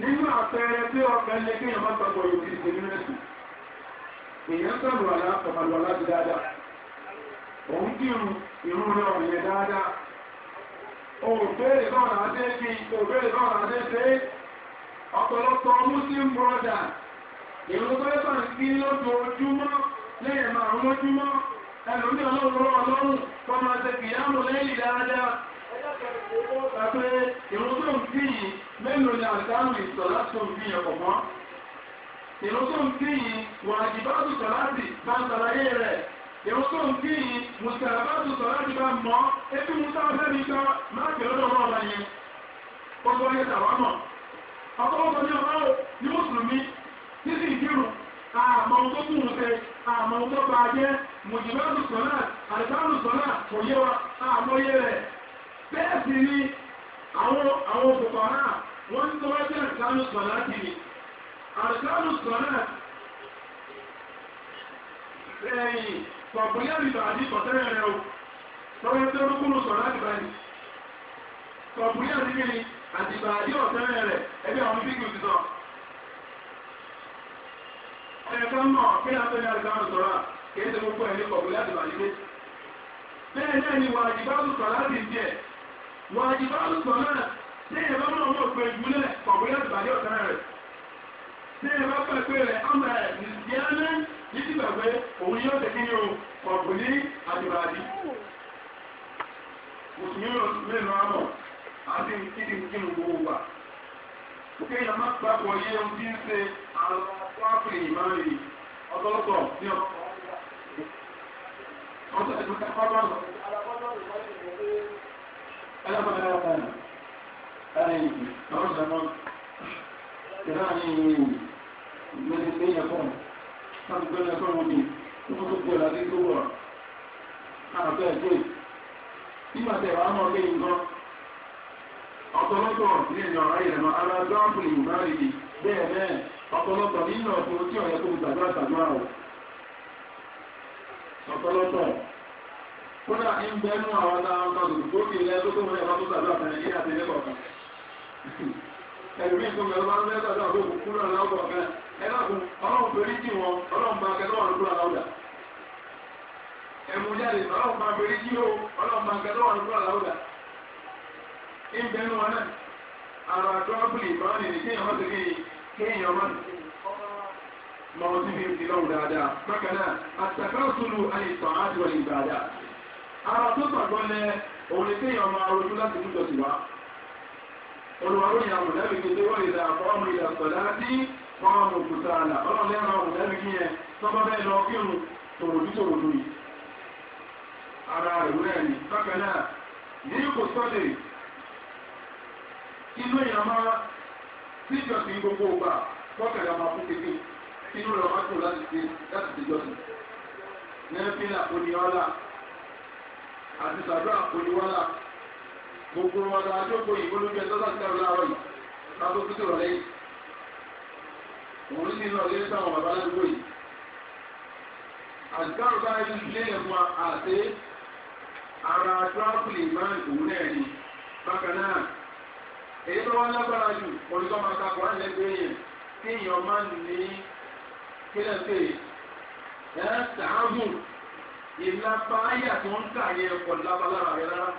nínú àpẹẹrẹ pé ọkàn lé kéèyàn má gbàgbọ́ yòókì ìṣèlú mẹ́sùn. Èèyàn sọ̀rọ̀ àlá ọ̀pàlọ́ láti dáadáa òun kí irú rẹ̀ ọ̀rẹ́ dáadáa òbẹ́rẹ̀ lọ́rọ̀ adé fi òbẹ́rẹ̀ lọ́rọ̀ adé pé ọ̀pọ̀lọpọ̀ muslim brọ́dà ìlú pẹ́sàn sí lójoojúmọ́ lẹ́yìn márùn lójúmọ́ ẹlòmí ọlọ́run ọlọ́run kọ́ máa ṣe kìyàmù lẹ́yìn dáadáa pàpẹ́ ìlú tó ń fi yìí mélòó ni àdáhùn ìsọ̀lá tó ń fi ẹ̀kọ̀ ń fi yìí wà ìwọ́n tó ń kí yìí mùsàlùmá tó sọ láti bá mọ́ ebi musa fẹ́mi gbọ́ máàkì lọ́dọ̀ wọn ọba yẹn gbogbo ayé tàwa mọ̀ ọ̀pọ̀lọpọ̀ ní ọba ní mùsùlùmí títí ìdírun àmọ́ tó kù ń ṣe àmọ́ tó bá jẹ́ mùjìbánu sọ̀nà àlùbánu sọ̀nà kò yé wa àmọ́ yé rẹ̀ bẹ́ẹ̀ sì ni àwọn àwọn òkùnkọ̀ náà wọ́n ń tọ́wọ́ jẹ́ àlùbánu sọ̀nà kiri àlùbánu sọ̀nà sọ̀gbọ́n yẹ́ bìbà àdí rẹ̀ o lọ́wọ́ tí ó ń kúrò sọ̀rọ̀ láti báyìí sọ̀gbọ́n yẹ́ àdí kìíní àdìbà àdí ọ̀tẹ́rẹ̀ rẹ̀ ẹbí àwọn fígù ti sọ. ẹ̀ka mọ̀ kí ni àtọ́jú àdìbàmù sọ̀rọ̀ kì í ṣe gbogbo ẹni kọ̀gbọ́n yẹ́ àdìbà àdìbẹ́. bẹ́ẹ̀ náà ni wà àdìbàmù sọ̀rọ̀ láti ń tiẹ̀ wà àdìbàmù sọ̀rọ̀ náà tẹ́yẹ̀ bá mọ̀ mọ̀ pé ìgbúlẹ̀ kọ̀gbọ́n yẹ́ àdìbà àdí ọ̀tẹ́rẹ̀ rẹ̀ tẹ́yẹ̀ títí gbàgbé òun yóò tẹ̀kí ní ọ̀gbìn ní àdìbàdì mùsùlùmí mẹ́rin àmọ̀ àti kíni kíni gbogbo wà kéèyàn má gbàgbọ́ yé ohun tí ń ṣe àwọn fáfìlì ìmọ̀ràn ọ̀tọ̀ọ̀tọ̀ ní ọkọ̀ ọ̀tọ̀ ẹ̀dùn kápákọ̀ ẹ̀dùn kápákọ̀ ẹ̀dùn kápákọ̀ láti ọ̀pọ̀lọpọ̀ nínú ọ̀pọ̀lọpọ̀ tí ọ̀yẹ́ tó gbàgbà tàgbà rẹ̀ ọ̀pọ̀lọpọ̀ kódà ní bẹ́ẹ̀ nú àwọn aláwọ̀ kan tó tó kéré ẹgbẹ́ tó mọ́ ẹ̀rọ tó tàgbà tàgbà ẹ̀rí nǹkan mẹ́rin bá mẹ́rin bá dàgbò kú náà láwùjọ ọ̀fẹ́ ẹ láàbù ọlọ́run fèrè jì wọn ọlọ́run bá akẹ́tọ́ wà lókùnrin aláwùjá. ẹ̀mú jáde ọlọ́run bá fèrè jì ó ọlọ́run bá akẹ́tọ́ wà lókùnrin aláwùjá. ìgbẹ́ nu wọn náà àrò àjọ ábùlì ìbára nìyí kéèyàn má ti fi kéèyàn má ti mọ ọtí fi fi lọ́wọ́ dáadáa bákan náà àtàkàsùlù àyètàn àti wọlé ìgbà dáa. àrò àtúntàgbọ́n lẹ òun ni kéèyàn máa rojú láti mú jọ sí wa olùwàlóyìn àwọn ọ̀dẹ́bí kí tó wọ́n ìdá àkọ́ọ̀mù ìdá sọ̀dá sí wọ́n mú òkúta àlà ọlọ́run lẹ́nu àwọn ọ̀dẹ́bí kí yẹn tọ́ba bẹ́ẹ̀ lọ kírun tòròdú tòròdú yìí. ara rẹ̀ wúrẹ́ ni bákan náà ní kò sọ́lẹ̀ inú èèyàn máa sí ìjọsìn gbogbo ògbà fọ́kẹ̀lẹ̀ máa fún kékeré inú rẹ̀ máa tó láti ṣe láti ṣe ìjọsìn. nẹ́ẹ̀fínà oníwálà àti sàdúrà oníwálà gbogbo wọn la jókòó yìí olójú ẹ sọ́dọ̀ àti àwòrán yìí káàtó pété rọ̀lẹ́ yìí òun ní lọ lé sáwọn bàbá ládùúgbò yìí àdìgbàrò báyìí ní ilé ẹ̀fọ́ àti ara tíráfìlì máa ń òun náà ni bákan náà èyí tó wá lágbára jù olùkọ́ máa ta kọ́ra lẹ́gbẹ̀ẹ́ yẹn kí èèyàn máa ń ní kílẹ̀ pé ẹ̀ sàánù ìlàpá ayé àti wọn ń kà yẹn pọ̀ lábalára rẹ rárá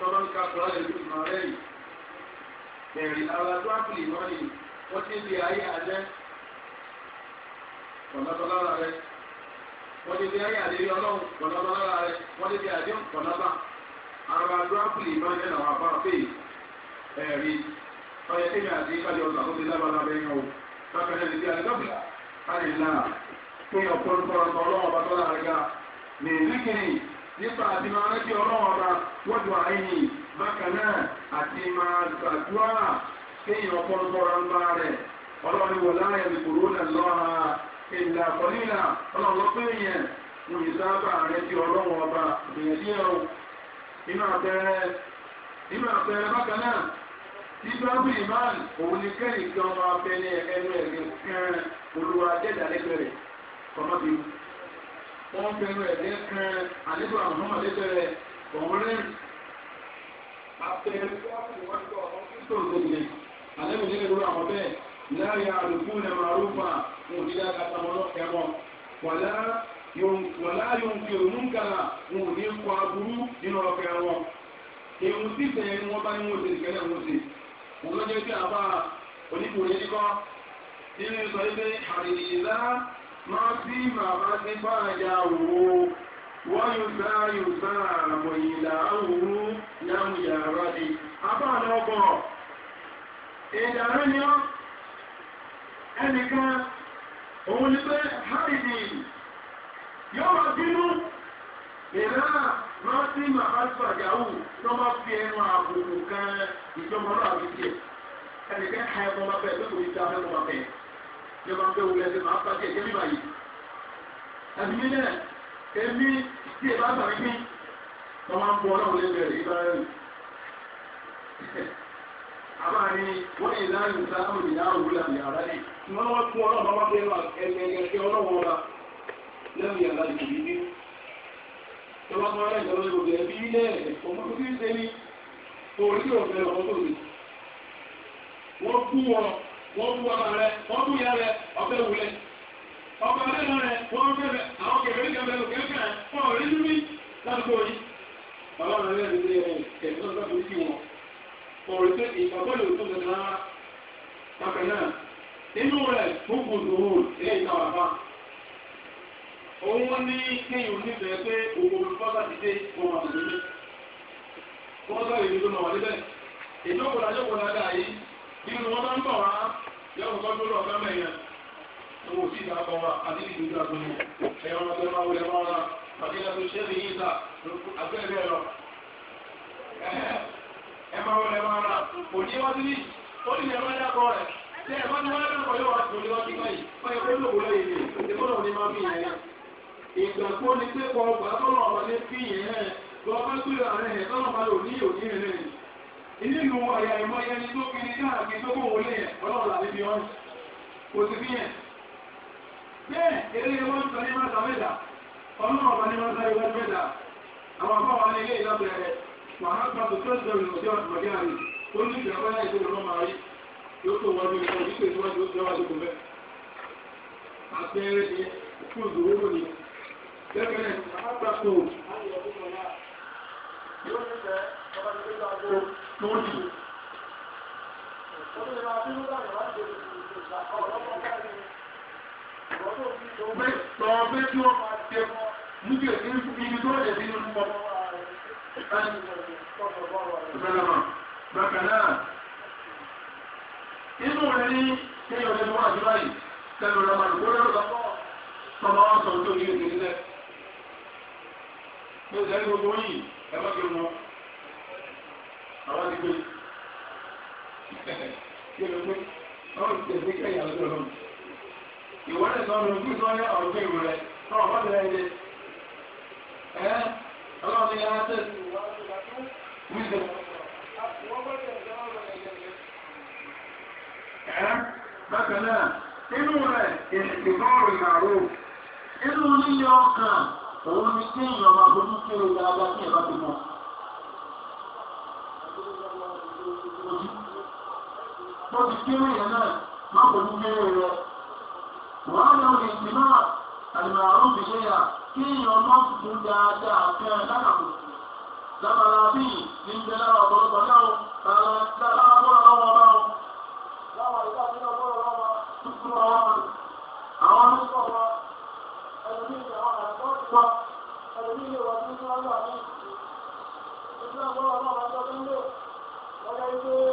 tọ́lọ́ ní ká sọ ọ́ lè lù ìmọ̀ rẹ̀ yìí. Bẹ̀rẹ̀ àwọn tó ń pìlì mọ́ nìyí, wọ́n ti ń di ayé àjẹ́. Kọ̀nàtọ̀ lára rẹ̀. Wọ́n ti di ayé àlérí ọlọ́run, kọ̀nàtọ̀ lára rẹ̀. Wọ́n ti di àdéhùn kọ̀nàtà. Àwọn àjọ ápìlì mọ́ ní ẹ̀nà àbá pé ẹ̀rí. Ọyẹ kémi àti ìpàdé ọ̀sán tó ti lábala bẹ́ẹ̀ yẹn o. Bákan náà ti di àdébọ̀bìlà. Káyìn náà, pé ọ̀pọ̀lọpọ̀ ọ̀sán ọlọ́run ọba tó lára rẹ̀ ga. Nìyí kìíní nípa àti máa rántí ọlọ́run ọba wọ́dù àìní bákan náà àti máa gbàdúrà kéèyàn ọpọlọpọlọ ń bá rẹ̀ ọlọ́run ni wọ̀lá ẹ̀mí kòró nà lọ́ha ìlà àkọlílà ọlọ́run lọ́pẹ́ yẹn wọ́n yìí sábà rántí ọlọ́run ọba ìgbìyànjú yẹn o inú àpẹẹrẹ inú àpẹẹrẹ bákan náà bíbáwí ìmáàlì òun ni kẹ́yìn kan máa bẹ ní ẹnu ẹ̀gbẹ́ kan olúwa jẹ́dálẹ́gbẹ̀rẹ̀ kọ́mọ́bí wọ́n fẹ́ràn ẹ̀dẹ́ kan àlejò àwọn ọmọ lẹ́bẹ̀rẹ̀ ọ̀hún rẹ̀. àtẹ̀rẹ̀ fọ́ọ̀tù wọn kọ ọ̀hún tó ń tóbi ní. àlejò ní ìlú àwọn bẹ́ẹ̀ láàyè àlùkù ní màrúfà wọn ní dáadáa táwọn ọlọ́kẹ́ wọn. wàlá yóò fi òun kàrà wọn ò ní kọ aburú nínú ọkẹ́ wọn. èèwù sì sẹ́yìn ni wọ́n bá ní wọn ò tẹ̀lé kẹ́lẹ́ wọn ò tẹ̀. wọn lọ́jọ́ bí àbá oníkùnrin níkọ́ nínú ìsọ̀ máa tí bàbá ti bá ya wò wọ́n yóò sá yóò sá àmọ̀ ìlà àwòrú yàmù yàrá di. abáàlọ́ ọkọ̀ ìdàrú ni ọ́ ẹnìkan òun ni pé hábìdì yóò máa bínú ìlà máa tí bàbá ti bá ya wò tó máa fi ẹnu kan ìjọba náà ìjọba ń bẹ̀wò lẹ́sẹ̀ máa bá jẹ́ ìjẹ́bí báyìí. àti mí náà èmi tí ẹ bá gbà mí pín wọn máa ń bọ ọlọ́run lẹ́gbẹ̀ẹ́ rẹ̀ ìbára rẹ̀. àbá ni wọ́n ní ìlànà ìsáàmù ìyáwó wúlà ní àrá yìí. wọ́n wá fún ọlọ́run bá bẹ́ẹ̀ máa ẹgbẹ̀ẹ́gbẹ̀ ọlọ́run ọba lẹ́nu yàrá ìkòyí ní. ìjọba tó rẹ̀ ìjọba ìgbòkè ẹbí ọmọ tó wọ́n lu ọmọ rẹ wọ́n lu ìyá rẹ ọbẹ̀ wulẹ̀ ọba bẹ́ẹ̀ lọ rẹ wọ́n fẹ́ bẹ àwọn kẹfẹ́ kẹfẹ́ lọ kẹfẹ́ fún ọ̀rẹ́ níbí ládùúgbò yìí ọlọ́run rẹ ti ṣe kẹfẹ́ lọ́dọ̀ tó kí wọn ọ̀rẹ́ tó ìfọ̀kọ́lẹ̀ òtún tẹ̀lé rárá pàpẹ́ náà inú rẹ̀ gbogbo òdòwò ilé ìta wà fáà òun ní kéyìn onífẹ̀ẹ́ pé òun olùfọ́sà ti dé ohun àbòmí wọ́n sọ èyí tó máa wà níbẹ̀ ìjókòó lájọ́kòó lága yìí nínú wọn bá ń bọ̀ wá yọ̀ọ́ kọ́ tó lọ fẹ́mẹ̀ yẹn owó sí ìgbà kan wa àti ìdíjú àgbọn ẹ̀yọ́ ọmọdé máa wọlé máa ra àti ìlànà ìṣẹ́lẹ̀ yìí ta àgbẹ̀rẹ̀ lọ ẹ máa wọlé máa ra òní wá sí ní ó ní ẹ̀rọ dákọ̀ rẹ̀ ṣé ẹ̀rọ ní wọ́n dákọ̀ yóò wá sí òní wá sí báyìí báyìí kó lòwó lẹ́yìn ní ìgbọ́n òní máa fi yẹn ìgbàgbọ́ ni pé kọ́ ọgbà tó lọ ọ̀rọ̀ fi yẹn lọ́ọ́ ilé ìlú ọ̀yà ìmọ̀ yẹn ni tó fi ní káàkiri tó kó wọlé yẹn ọlọ́ọ̀lá níbi wọn kò sí fi yẹn. bẹ́ẹ̀ eré wọn sọ ní máa sàmẹ́dà ọlọ́run ọba ní máa sáré wọn mẹ́ta àwọn afọ́wà ní ilé ìlọ́bẹ̀ rẹ̀ wàhálà tó tó ṣe ìrìnàjò àtìmọ̀dé àrí ó ní ìjọba láì tó lọ́mọ àárí yóò tó wọlé ìjọba yìí tó ìwádìí ó jọba lóko bẹ́ẹ̀. àpẹẹrẹ ni fún ìdúró ni lẹ́gbẹ̀rẹ̀ àpapọ̀ yóò ní lórí. Lọ pé kí wọ́n máa jẹ wọn níbi èdè ibi tó lè bí nínú wọn. Ìbẹ̀rẹ̀mọ̀ bàkà náà. Inú rẹ̀ ní kéèyàn lè wá àdúrà yìí lẹ́nu rẹ̀ máa lòó lọ́rọ̀ lọ́wọ́. Tọ́mọ wọn sọ tó ní èdè nílẹ̀. Bí ó jẹ́ ní gbogbo yìí, ẹ má kí wọn àwọn ti gbé kí ló gbé àwọn ti tẹ̀sí kẹ́yà lọ́dọ̀ lọ́wọ́ ìwọ́lẹ̀ tó ń lọ bí wọ́n yá ọ̀rọ̀ gbé ìwúrẹ́ tó ọ̀rọ̀ bẹ̀rẹ̀ ẹ̀jẹ̀ ẹ̀ ọlọ́run ni ara tẹ̀ wíṣọ. ẹ̀ bákan náà inú rẹ̀ ìgbọ́rọ̀ ìgbàrú inú nílé ọkàn òun ni kí o dáadáa kí ẹ bá ti mọ̀. tó ti kí ní ìyẹn náà má kò ní kéré rẹ. wọ́n á lọ rìn sí náà àlùmọ̀ àrùn fi ṣe yà kí èèyàn má fún dáadáa fẹ́ lákàtò. lábàlá bí ní ń bẹ lára ọ̀pọ̀lọpọ̀ náà lára bọ́lá lọ́wọ́ bá wọn. láwọn ìgbà tí wọ́n bọ́lá lọ́wọ́ tuntun wọn. àwọn ọmọ ìgbà ẹlòmí ni àwọn àgbọ̀ sọ ẹlòmí ni wọ́n ti ń wá lọ́wọ́ ní ìgbà bọ́lá lọ́wọ́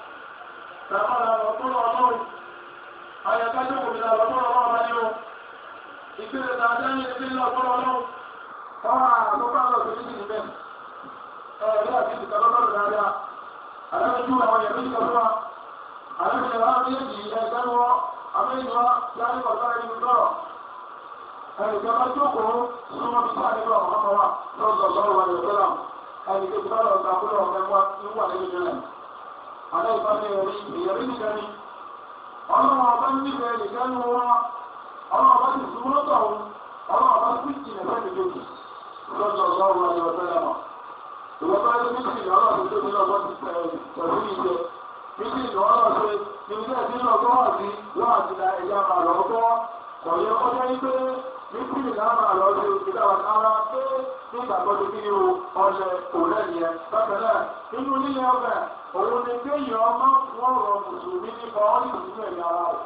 sàmọ́ra lọ tó lọ lọ́wọ́ ayọ̀ kájọ́ kò bìlà o ìpínlẹ̀ tà dé ní ìpínlẹ̀ lọ tó lọ lọ́wọ́ ọ̀hà àkókò àlọ́ tó ní ìdílé ẹ̀rọ àti ìdíkàlọ́ lọ́dọ̀ dáadáa àlejò àwọn yẹn méjì kan wá àlejò àwọn méjì ẹgbẹ́ wọ àmẹ́yìn wá láyé kọ̀ọ̀tà ìlú lọ́rọ̀ ẹnìkan jókòó súnmọ́ bí aláìbá ní ẹ̀rí èyàn ní ìdáni ọlọ́run ọba ń níbẹ̀ ẹnìkan ní wọn ọlọ́run ọba ti sùn lọ́tọ̀ ọ̀hún ọlọ́run ọba ti sì nẹ̀fẹ́ nìkejì lọ́jọ́ ọlọ́run ayọ̀ ọ̀fẹ́ yàmà ìwọ́n bá yẹ méjì ní ọlọ́run tó ní ọgbọ́n ti pẹ̀lú ìjẹ méjì ní ọlọ́run ṣe ní ilé ẹ̀dín náà tó wà sí wọ́n àti ẹ̀yà àlọ́ ọgbọ́ kọ̀yẹ́ ọjọ́ yìí pé méjì ní àwọn àlọ́ ṣe ìdáwà ara pé nígbàgbọ́ ti kí ni o ọ̀ṣẹ̀ òun lẹ́yìn ẹ̀ bákan náà nínú nílẹ̀ ọ̀fẹ́ òun ni kéèyàn ọmọ wọn rọ mùsùlùmí nípa ọ́nì nínú ẹ̀yà ara rẹ̀.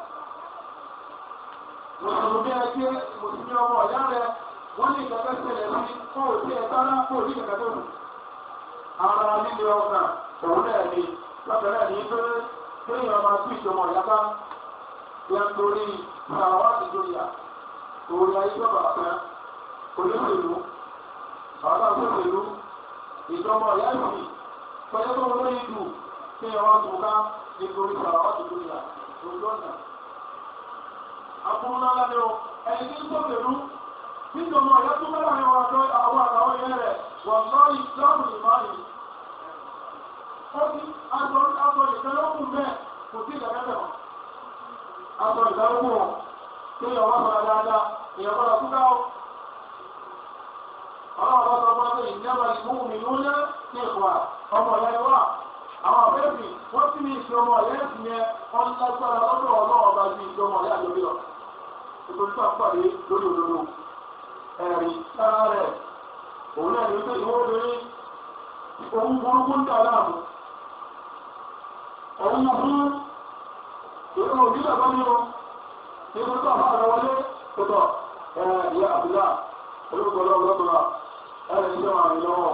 mùsùlùmí ẹgbẹ́ mùsùlùmí ọmọ ọ̀yá rẹ̀ wọ́n ní ìgbàgbọ́ ìṣẹ̀lẹ̀ sí kó o ti ẹ̀ka náà kó o ní ìgbàgbọ́ tó wù. ara líle ọ̀gá òun náà ni lọ́bẹ̀rẹ̀ ní pé kéèyàn máa tún ìjọmọ ìyáká yẹ nítorí sàràwá ìjọyà òun ni ayé bàbà fẹ́ olóṣèlú bàbá pẹ̀lú tó ń lórí ìlú kí ẹ̀rọ tòká nítorí sàrà wà tuntun yà lójú ọ̀nà. àbúrò náà lẹ́nu ẹni tí ń tó pẹ̀lú nítorí ọ̀yá tó bá láàrin wọn àjọ àwọn àtàwọn ilé rẹ̀ wọ́n lọ ìsìláàmù ìmáàlì. ó ní aṣọ aṣọ ìfẹ́lọ́kùn bẹ́ẹ̀ kò sí ìdàgbẹ́sẹ̀ wọn. aṣọ ìdàgbẹ́sẹ̀ wọn kí ẹ̀rọ wà fara dáadáa ìyàwó àkúkà ó. ọlọ́run ọ̀sán bá ní ìyá ọmọ rẹ wà àwọn àbẹ́bí wọ́n sì ní ìṣọmọ lẹ́sìn yẹn wọ́n lágbára lọ́dọ̀ ọlọ́run bá ju ìṣọmọ rẹ àlórí lọ. ìgbésí àpàdé lórí òdodo ẹ̀rí sára rẹ̀ òun náà ní pé ìwọ́n obìnrin òun burúkú ń dà láàmú. òun fún ìrìn òbí bàbá mi o nínú tó àbá rẹ wọlé tuntun ẹ̀rí àbúlá olùkọ́ lọ́wọ́ lọ́tọ̀ ẹ̀rí ìjọba mi lọ́wọ́.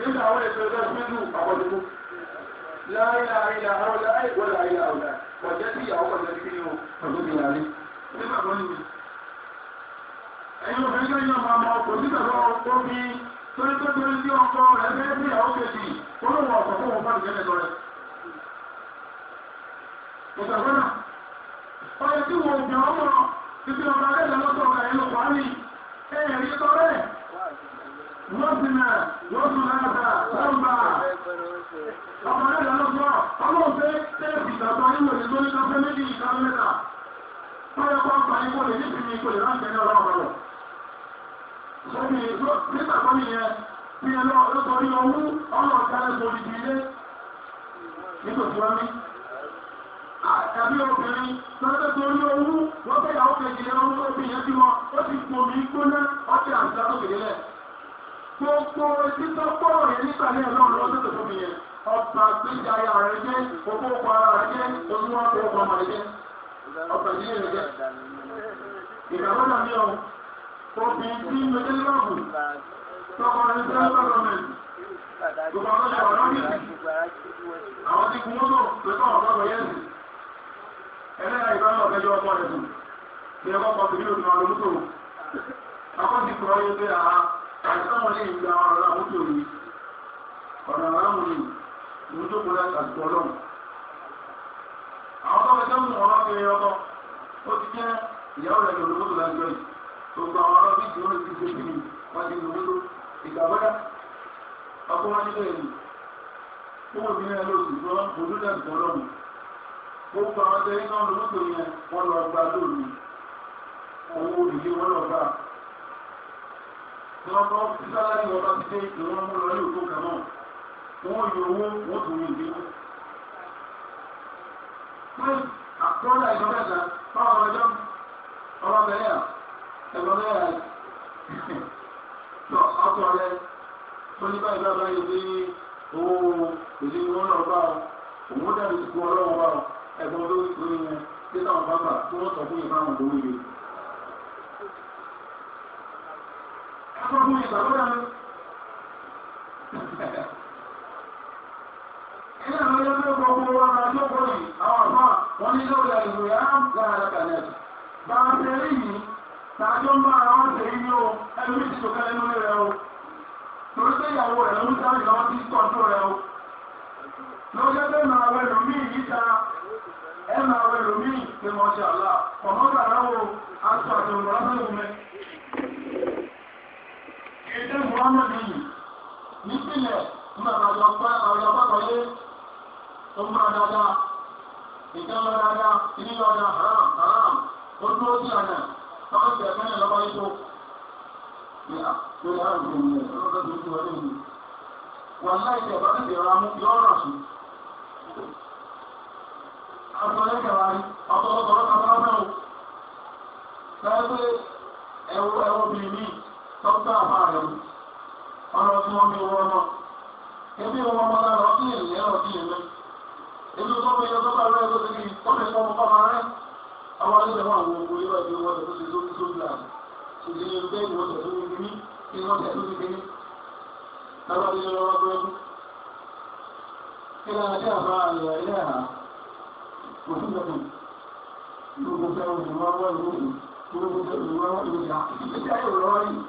nínú àwọn ètò ẹgbẹ́ fúnlù àkọ́dúnmú láìlà àìlà àrọ́lá àìwọ́lá àìlà àwòlá ọ̀jẹ́ tí ìyàwó ọ̀jẹ́ tí ó ọ̀jọ́ ti láàrin nígbà tó ní ẹ̀yìn òfin lẹ́yìn ọmọ ọmọ kò sí tẹ̀lé ọkọ bí torí tó torí sí ọkọ rẹ̀ fẹ́ sí ìyàwó kejì olówó ọ̀sán fún òun fáwọn lọ́sìnà lọ́sùnláta lọ́mbà ọmọ ẹ̀dà lọ́sọ́ ọmọ òfẹ́ tẹ́ẹ̀bì ìgbàgbọ́ níwò ní lórí lọ́fẹ́ méjì ìkàrọ mẹ́ta pọ́yọ́pọ́ ń parí kò lè nípìnlẹ̀ kò lè láti ẹ̀nà ọlọ́run lọ. sọ́mi nígbàgbọ́ nìyẹn tí ẹ lọ lọ́sọ̀rí ọwú ọ̀nà ọ̀kálẹ̀ sọ ìdí ilé nítòsí wọn ní. àbí obìnrin lọ́sẹ̀ tó ní owú wọ́n fẹ́ yàwó kejì lẹ́wọ́n obìnrin yẹn bí wọn ó ti pòmí gbóná ọ̀tẹ̀ àti gbogbo títọ́ kọ́rọ̀ yẹn nígbà ní ẹ̀rọ ọlọ́dún tó tóbi yẹn ọba gbéga ya rẹ jẹ owó ọkọ ara rẹ jẹ olúwa ọkọ ọkọ ọmọ rẹ jẹ ọba ìdílé rẹ jẹ ìgbàgbọ́ náà ní ọ obìnrin tí ń lọ lọ́ọ̀bù tọkọ rẹ jẹ gọ́ọ̀mẹ̀ntì gbogbo àwọn ọ̀dọ́ ọ̀rọ̀ mi àwọn tí kún mọ́tò lọ́tọ̀ ọ̀rọ̀ ọ̀rọ̀ yẹn sì ẹlẹ́yà ìbára ọ̀fẹ́ jọ ọkọ rẹ sùn ní ẹkọ́ pọ̀ sí bí òtún àwọn olóṣòwò akọ́sí kúrọ́ yẹn pé àá àìsàn ní ìgbà ọ̀rọ̀ àwọn tó ní ọ̀rọ̀ àwọn ní ìlú tó kọjá àtìkọ ọlọ́run àwọn tọ́wọ́ jẹ́mú ọ̀rọ̀ kiri ọkọ ó ti jẹ́ ìyàwó rẹ̀ lòdò mọ́tò lájọ́ yìí tó gba ọ̀rọ̀ bí ìdúró ti ṣe kí ni wọ́n ti lòdò mọ́tò ìgbàgbọ́dá ọkọ wọn ní bẹ́ẹ̀ ni kókò ní ẹ lóṣù gbogbo àwọn tẹ́lẹ̀ náà lòdò yẹn wọ́n lọ gba lóòrùn owó òrùlé wọ́n lọ gba wọ́n bọ́ sí sálárì wọn bá ti dé ìwọ́n mú lọ ní òkú kan náà wọ́n yọ owó wọ́n tó ní ìdíwọ́. pé àkọọ́lá ìdọ́mẹ́ta fáwọn ọjọ́ ọmọbìnrin à ẹ̀gbọ́nbẹ́rẹ́ à lọ ọkọ rẹ tó ní báyìí bá báyìí bí owó èdè wọn náà bá ọ òun dàbí ti kú ọlọ́wọ́ bá ọ ẹ̀gbọ́n lórí ìpínlẹ̀ yẹn títà wọn bá bà tí wọ́n sọ fún ìbáwọn òdòwò yìí. akọ́kùnrin ìgbàgbọ́dọ̀ mi. ilé àwọn ilé tó gbogbo wa máa tó kọ́ yìí àwọn àfà wọn ní lórí àìsàn yà á gbára kalẹ̀. bá a ṣe rí yìí tààjọ́ ń bá ara wọn ṣe yí o ẹni bí ti sọ̀kalẹ̀ nínú rẹ o. torí pé ìyàwó rẹ̀ ló ń sáré lọ́wọ́ sí kọ́ńtò rẹ o. lọ́jọ́ pé màá wẹ̀ lómi yìí ta ẹ máa wẹ̀ lómi pé mọ̀ ṣe àlá ọ̀mọ́ bàrá o aṣọ àtẹ̀wò lọ́sẹ̀ ṣé muhammed yìí nípìnlẹ̀ nígbà tó àjọ pẹ́ àjọ pẹ́pọ̀ yé tó múra dáadáa ìjọ lọ dáadáa ìní lọ haram haram ó dúró sí àná lọ́wọ́ ìṣẹ̀ fẹ́yìn lọ́wọ́ yìí tó. Ìyá ìgbìmọ̀ ìyẹn lọ́dọ̀ tó ń ju ọdún yìí. Wàhálà ìjẹ̀ bá ti dèrò amú yọ̀ ọ̀rọ̀ sùn àtọ̀lẹ́kẹ̀wárí ọ̀tọ̀lọ́tọ̀lọ́kọ̀ọ́lọ́fẹ́ tọ́tà àbáyọ ọ̀rọ̀ tí wọ́n fi wọ́n mọ́ ebi wọn mọ́ lára ọtí èyí ẹ̀rọ bí èmi ebi tó fi yọtọ́ bá rẹ̀ lóde kí wọ́n fi fọ́ ọmọ fọ́ ara rẹ̀ àwọn alẹ́ wọn àwọn òkú yóò ẹ̀dí wọn tẹ̀sí lórí lórí àná ṣùgbọ́n ní ẹgbẹ́ ìwọ tẹ̀sí lórí mi kí wọ́n tẹ̀sí lórí mi lára ní ọ̀rọ̀ gbẹ́gbẹ́ kí lára kí àbá àyà ilé àná òfin lọ́dún gbogbo fẹ́ràn ìwọ́n wọ́n ìwọ́n ìwọ́n ìwọ́n ìwọ́n ìwọ́n ìwọ́n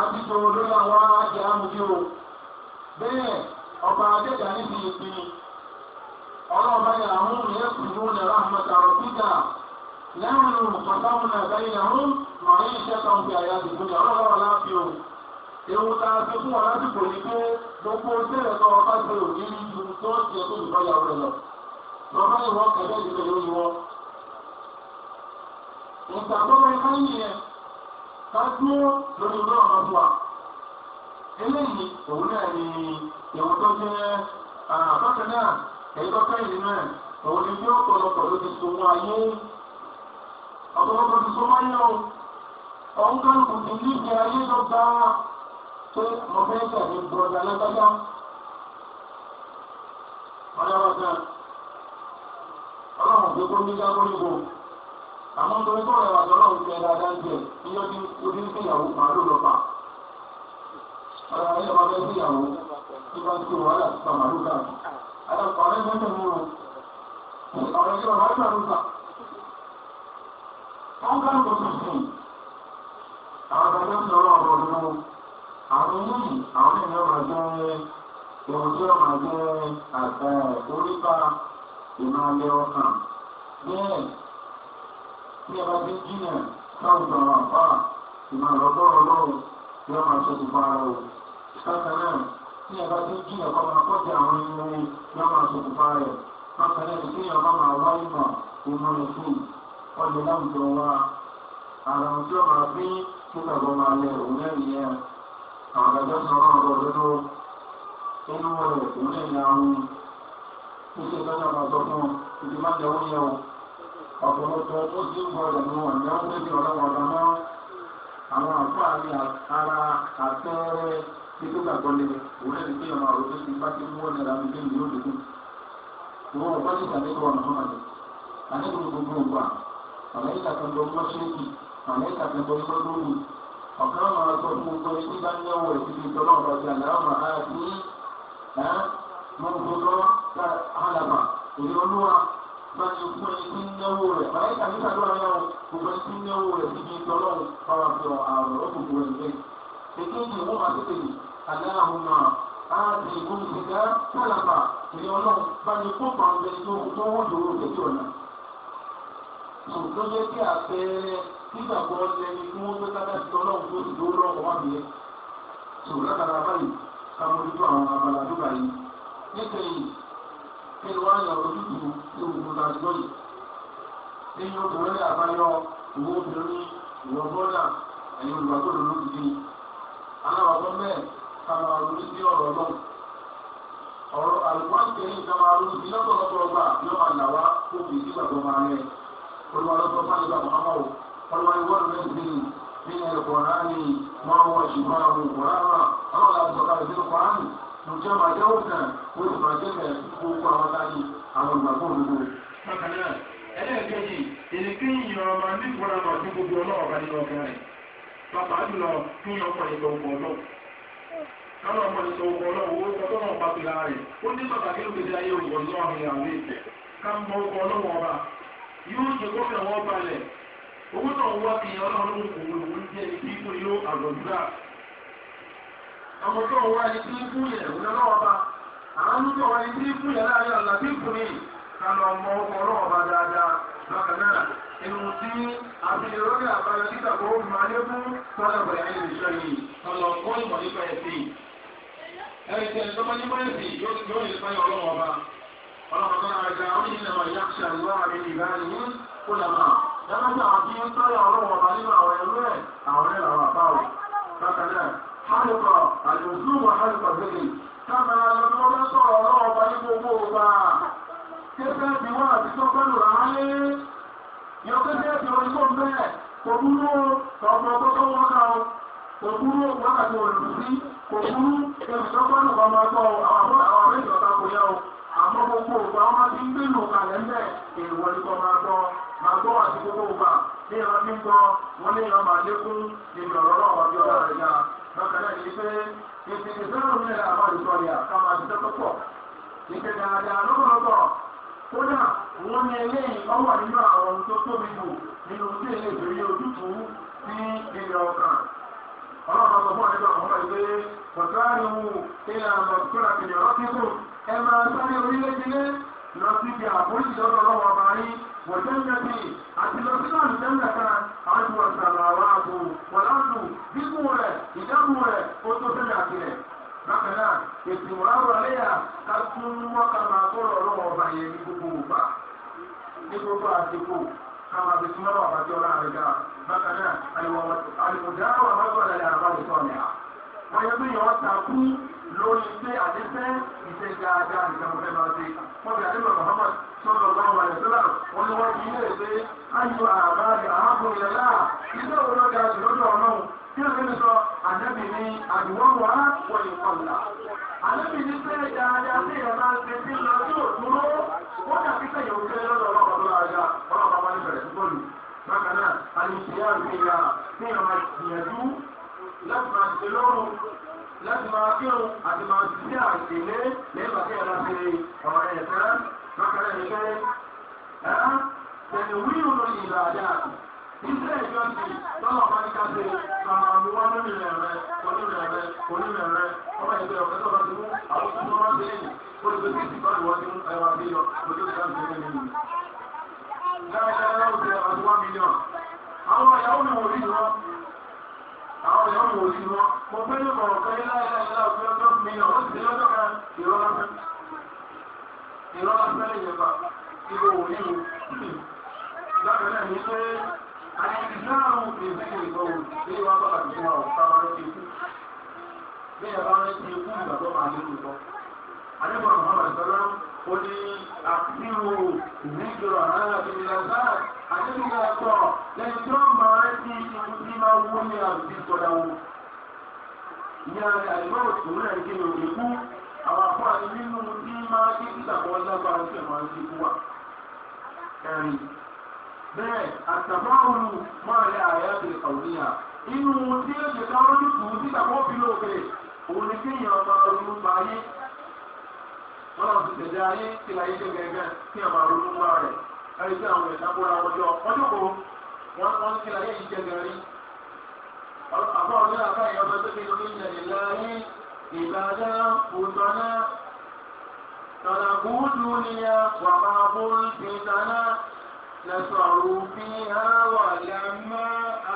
àbísọ̀rọ̀ lórí àwọn aráàlú amúdíró bẹ́ẹ̀ ọba adéjà níbi ìpín ọlọ́ọ̀bá yàrá ní ẹ̀kúnú nàrà àmọ́tàrọ̀ pítà lẹ́rù pàtàkùn nàgbà yàrá màá yìí ṣẹ́ kan fi àyà dìbò yàrá ọlọ́wọ́ láàfi o ewu ta fi fún wọn lásìkò yìí pé gbogbo sílẹ̀ tó ọba ṣe òní ní ju tó ṣe tó dùbọ̀ yàwó rẹ̀ lọ lọ́ba ìwọ kẹ̀kẹ́ ìdílé lórí wọn. ìgbàgbọ́ ká dúró lórí ilé ọ̀rọ̀ fún wa. eléyìí òun náà ni ìwọ tó jẹ́ bákan náà èyí tó fẹ́ ìlú náà òun ni bí ọ̀pọ̀lọpọ̀ ló ti so wọn ayé ọ̀pọ̀lọpọ̀ ti so wọn ayé o ọ̀hún kálukú ti ní ìgbé ayé tó gbá pé mo fẹ́ tẹ̀lé bùrọ̀dà lẹ́gbẹ́já. ọ̀dà wàjà ọlọ́run gbé kó ní ká lórí ìbò àmọ́ nítorí tó rẹwà lọ́nà òun jẹ dáadáa ń jẹ iye ojú ojú ń fìyàwó màálù lọ pa. ọ̀rọ̀ àwọn ẹ̀yọ́ máa fẹ́ fìyàwó tí wọ́n ti wàhálà ti pa màálù káàkiri. àdàpọ̀ àwọn ẹgbẹ́ tó mú un ọ̀rọ̀ ẹgbẹ́ wọn wá gbà wọ́n bá ń lò sí sí àwọn ọ̀dọ́ tó lọ́wọ́ ọ̀rọ̀ lọ́wọ́ àwọn eléyìí àwọn ènìyàn máa jẹ́ ohun tí wọ́n máa jẹ́ tí ẹ bá dé jìnnà láwùjọ àwọn àbá ìmọ̀ ìrọ̀gbọ́ ọlọ́run tí wọ́n máa ṣe gbogbo ara o. bákan náà tí ẹ bá dé jìnnà kọ́ máa kọ́jà àwọn irun ni wọ́n máa ṣe gbogbo ara rẹ̀. bákan náà tí ẹ bá máa wá ìmọ̀ ìmọ̀ ìfún ọ̀lẹ̀ láwùjọ wa. àrà tí wọ́n máa fi kíkà bọ́ máa lẹ òun náà nìyẹn. àwọn àgbàjọ sọ wọn ọ̀rọ̀ lọ́dọ́ inú rẹ̀ òun náà ní àwọn ìṣèjọba ọ̀pọ̀lọpọ̀ ó ti ń gbọdọ̀ mú ọ̀nà méjì ọlọ́wọ́ ọ̀dọ́ mọ́ àwọn àǹfààní ara àtẹ́rẹ́ tí tó gbàgbọ́ lé òun ẹni pé ọmọ àròjọ ti bá ti mú ọ̀nà ìlànà ìlú ìlú òdòdó ìwọ ọ̀pọ̀ ní ìsàlẹ̀ tó wà mọ́ àlẹ́ àlẹ́ gbogbo ògbà àlẹ́ ìtàkùnjọ mọ́ṣẹ́kì àlẹ́ ìtàkùnjọ mọ́ṣẹ́kì ọ̀kan máa sọ fún gbogbo ẹni tí bá ń yẹ̀wò ẹ̀ títí tọ́lọ́ ọ̀rọ̀ ti àlẹ́ ọ̀rọ̀ àyà sí mọ́ gbogbo alàbà ìrìn olúwa lọ́sùn fún ẹni tí ń náwó rẹ̀ màláìka nígbà tó wà náà gbogbo ẹni tí ń náwó rẹ̀ síbi ìtọ́lọ́run báwa fi àrùn ọ̀gbogbo ẹ̀ bẹ́ẹ̀. èkéjì wọ́n máa tètè aláhùnmá àti ìgbóhùnsìgá kálàfà ìyẹn ọlọ́run bá ní kó pa ọ̀gbẹ́ tó tó wọ́n dòwó tẹ̀sí ọ̀nà. ṣùgbọ́n yẹ kí àpẹẹrẹ nígbàgbọ́ lẹni tí wọ́n gbé kájá sí ọlọ́run tó ti dó lọ́wọ́ wá nìyẹn. ṣùgbọ́n látara báyìí ká mójútó nínú wọn yàn ojú ìlú tó gbogbo ta gbọ́ yìí. nínú obìnrin àbáyọ owó obìnrin ìwọ bọ́dà ẹ̀yin olùgbàgbọ́ lòló ti dín. alábàbọ̀ mẹ́ẹ̀ kàmá ronú sí ọ̀rọ̀ náà. ọ̀rọ̀ àlùfáà kẹrin kàmá ronú sí lọ́sọ̀lọ́sọ̀ ọgbà yóò máa là wá kó kì í sí gbàgbọ́ máa rẹ̀. olùwàlọ́sọ̀ fáyọ̀ àmọ́ من القرآن ما هو شفاء lójú ọmọ ajẹ́ òògùn ló ti máa jẹ́ bẹ̀rẹ̀ sí gbogbo àwọn táyé àwọn ìgbàgbọ́ òdodo. bákan náà ẹlẹ́ẹ̀kejì èdè kéèyàn ọmọ nígbòrán náà sí gbogbo ọlọ́wọ́ bá nínú ọkàn rẹ̀ pàpà jùlọ kí ọmọ ìgbà ògbò ọlọ́wọ́ káwọn ọmọ ìgbà ògbò ọlọ́wọ́ owó kọ́ tọ́nà ọba pèlà rẹ̀ ó ní pàtàkì ló pèsè ayé ògbò ọlọ́wọ́ rẹ̀ àwọn ètò ká mọ ògbò ọlọ́wọ́ ọba yóò ṣe gómìnà wọn balẹ̀ owó náà wá kí ọlọ́wọ́ ló ń kò wọ́n jẹ́ ìdíkùn yóò àgbọ̀dúrà ọmọ tó ń wá ẹni tí ń fún yẹn òun lọ́wọ́ bá àánú tó wá ẹni tí ń fún yẹn láàyè ọ̀la tí ń fún yìí ká lọ mọ ọkọ̀ ọlọ́wọ́ bá dáadáa bákan náà inú tí àfihàn lórí àbáyọ títà kó o máa lé fún tọ́lẹ̀bọ̀ ẹ̀yìn ìṣọ́ yìí ọlọ kó ìmọ̀ nípa ẹ̀sìn ẹ̀rì tẹ̀lé tó bá nípa ẹ̀sìn yóò ti gbọ́ ìlú báyọ̀ ọlọ́wọ́ ọba ọlọ́wọ́ tó náà ga ọ́n yìí náà yàtọ̀ àlọ́ àmì ìbáraẹni ní kólàmà dábàtà àwọn tí ń tọ́lẹ̀ ọlọ́wọ́ ọba nínú àwọn ẹlú ẹ̀ àwọn ẹ̀ làwọn àbáwọ̀ bákan náà hálùkọ̀ àlùzùmọ̀ hálùkọ̀ bẹ́ẹ̀ káma lọ́dún ọdún sọ̀rọ̀ ọlọ́wọ́ bá ní gbogbo ọba kéfẹ́ ti wá àti tó gbẹ́nu ráyé yọ kéfẹ́ ti orí tó mẹ́ẹ̀ kò dúró ọmọ ọgbọ́n wọn ká o kò dúró wákàtí olùsí kò dúró ebi tó gbẹ́nu ọmọ ọgbọ́n àwọn àwọn ìjọba kò yẹ o àmọ́ gbogbo ọba wọn ti ń gbẹ́nu kàlẹ́ńdẹ̀ èèwọ̀ ní kọ́ máa gbọ́ máa gbọ́ àti gbogbo ọba ní ìran ní gbọ́ wọn ní ìran màlékún nínú ọ̀rọ̀ náà wọ́n bí ọ̀rọ̀ rẹ̀ yára bákan náà ni pé ìpìlẹ̀ sọ́run ní ẹ̀rọ àwọn ìṣọ́ yà ká máa ṣiṣẹ́ tó pọ̀ ìpè dáadáa lọ́pọ̀lọpọ̀ kódà wọ́n ní eléyìí ọwọ́ nínú àwọn ohun tó tóbi jù nínú tí èlé ìbèrè ojútùú sí ilẹ̀ ọkàn ọlọ́run sọ fún àdébà ọmọ ìgbé pọ̀tàríwù ìlànà ìṣúra kìnìún ọ̀kíkù ẹ máa sáré orílẹ̀-èdè lọ síbi àforíṣìṣẹ́ ọlọ́run ọba yìí وجنة أتلوثنا الجنة عجو السماوات والأرض بكورة إجابورة وتسلع كده bákan náà ètò ìmọ̀láwọ̀ léyà ká tún wọ́n ká máa kó lọ́rọ́ ọba yẹn ní gbogbo ògbà ní gbogbo àsìkò ká máa fi súnmọ́ àwọn àbájọ láàrin dáa bákan náà àlùmọ̀dá àwọn àbájọ lẹ́yìn àbáwọ̀ sọ̀rọ̀ yà wọ́n yẹ kí yọ̀ ọ́ ta kú lórí pé àdéfẹ́ ìṣe dáadáa nìkan fẹ́ máa ṣe. wọ́n fi àdébọ̀ Muhammad sọ̀rọ̀ lọ́wọ́ àyẹ̀sọ́lá wọn ni wọ́n ti ilé ìwé ayọ̀ àbáyé àhábò ilẹ̀ náà ilé òun lọ́jà lọ́jọ́ ọlọ́run kí ló ń sọ ànábì ní àdìwọ́n wà wọ́n ní kọ́ńtà. ànábì ní pé dáadáa sí ìyẹn máa ń ṣe sí lọ sí òdúró wọ́n dàbí sẹ́yìn òkè lọ́dọ̀ ọlọ́run lọ́wọ́ àjà ọlọ́run láti máa kírun àti máa sí àìsílé lẹ́yìn àti ẹ̀rọ ṣe ọ̀rọ̀ ẹ̀fẹ́ lọ́kẹ́rẹ́ ẹ̀fẹ́ ẹ̀ tẹ̀lé wíwù ló ní ìlà àdá iṣẹ́ ìjọsìn lọ́wọ́ bá ní káṣe àwọn wọn lórí rẹ̀ rẹ̀ olórí rẹ̀ olórí rẹ̀ ọmọ ìgbẹ́ ọ̀fẹ́ tó bá ti mú àwọn tó tó máa ń tẹ̀lé olùgbé tí ìsìnkú àlùwọ́ ti mú ẹwà bí yọ lójú ìjà ìjọba nínú. dáadáa ó ti ẹwà tó wá mílíọ̀nù àwọn ìyàwó mi wò rí wọn àwọn ìyàwó mi wò rí wọn mo gbé ní ọ̀rọ̀ kan ilá ilá ilá òfin ọjọ́ mi ọ̀rọ̀ sí lọ́jọ́ kan ìrọ́lá fẹ́ ìrọ́lá fẹ́ lè yẹ̀bà ìwò òyìnbó bákan náà ní pé àyẹ̀kì náà ń fi ìdíje ìgbọ̀wò bí wọ́n bá bàbí fún wa ò sábà rẹ̀ ti kú bí ẹ̀ bá rẹ̀ ti kú ìgbàgbọ́ máa ní lùtọ́ àdébọ̀ Muhammad sọlá ó ní àfihàn ìdíje ọ̀rọ̀ náà ìyá rẹ̀ àìmọ́ òtún náà kí ni òde kú àwọn àpò àti nínú tí máa kí títà lágbára sí àwọn àti ikú wà. bẹ́ẹ̀ àtàbáwòrán máa rẹ̀ àyà bèrè kàwéyà inú tí ó ṣe kù àbọ̀ ní àbá ìyọba tó kéde omi ìjẹ̀lẹ̀ láyé ìbàdá òtọ́nà tọ̀nàkúùdù ni a wà máa bó ń fi taná lẹ́sọ̀rọ̀ fi há wà lámá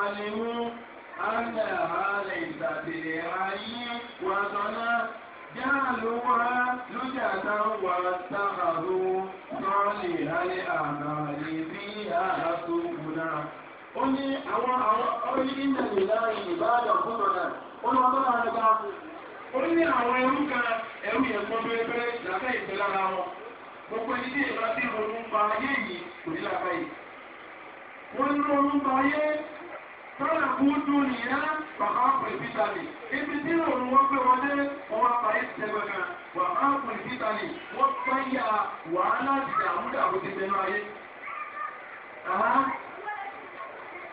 alẹ́mú ánà àlẹ́ ìgbàbẹ̀rẹ̀ ayé wà tọ́nà jáàlú wá lójàdá wà sáàrù tọ́lẹ̀ alẹ́ àmàlẹ́ bí àhàtó kùnà ó ní àwọn àwọn ọ̀rẹ́ ìdílé láàrin ìbáàdà fúnra náà ó ní wọn tó máa ń gbà ó ní àwọn ẹrú kan ẹrú yẹn kọ́ bí ẹgbẹ́ làkà ìfẹ́ lára wọn gbogbo ẹni tí ìbá tí mo ń pa ayé yìí kò ní làkà yìí wọ́n ní wọn ń pa ayé tọ́lá kú dùn nìyá bàbá wọn wá pa wọ́n fẹ́ ya wàhálà ìdààmú dàbò ti bẹ̀rẹ̀ ayé.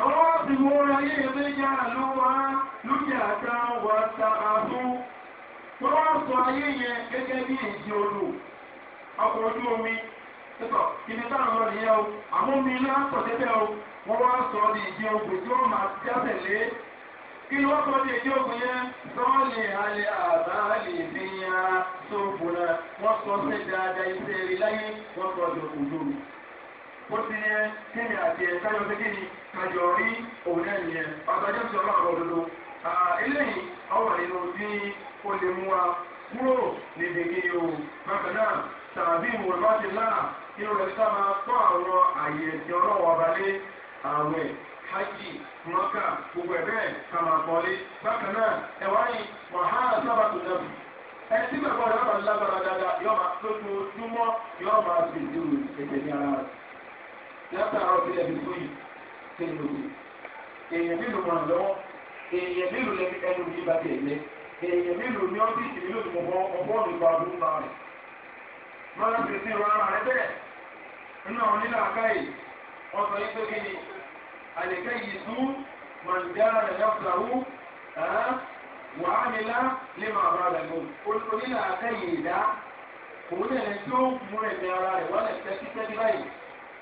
àwọn ọ̀sìn wo ayé ìrìnyà ló wá lókè àdá wà ta àbú tó wá sọ ayé yẹn gẹ́gẹ́ bí èdè odò ọkọ̀ ojú omi títọ̀ ibi táwọn lọ nìyẹn o àwọn omi ilé àtọ̀ tẹ́tẹ́ o wọ́n wá sọ ní èdè ogun tí wọ́n máa jábẹ̀ lé kí wọ́n sọ ní èdè ogun yẹn sọ́ọ̀lì alẹ́ àbáàlì ìdíyàn tó bùnà wọ́n sọ sí dáadáa iṣẹ́ rí láyé wọ́n sọ ní ojú omi ó ti yẹ kíni àti ẹ̀ kájọ sí kíni kájọ rí òun náà nìyẹn pàtàkì ọ̀sẹ̀ ọlọ́run òdodo eléyìí ọwọ́ nínú tí ó lè mú wa o bákan náà tàbí ìwòrán bá ti láà kí ó rẹ̀ sá máa tọ́ àwọn àyè ẹ̀sìn ọlọ́wọ́ abalẹ̀ àwẹ̀ hajj mọ́kà gbogbo ẹ̀bẹ̀ kàmàkọ́lé bákan náà ẹ̀wáyìn wàhálà sábàtò náà ẹni tí bàbá rẹ̀ bá lágbára dáadáa yọ̀ọ́ máa tójú ojúmọ́ yọ̀ọ́ máa bèèrè ìdíwò ìṣẹ̀lẹ̀ ní ara rẹ̀ látàárọ̀ bí ẹbí tó yìí ṣe lò wí. èèyàn mélòó ràn lọ́wọ́ èèyàn mélòó lẹ́bi ẹnu mi bá tẹ̀ lé èèyàn mélòó ní ọ́fíìsì mi lòdì mọ̀ ọgbọ́n mi bá ọdún máa rẹ̀. máa fi sí ìwà ara rẹ bẹ́ẹ̀ nínú àwọn nílò àkáyè wọ́n sọ yín pé kí ni àlèkẹ́ yìí tú màǹdára rẹ̀ lọ́sàrú wàá nílá lè máa bá rẹ̀ lò onílò àkáyè ìdá òun náà tó mú ẹ̀mí ara rẹ̀ wọ́n lè tẹ́tí tẹ́tí báyìí.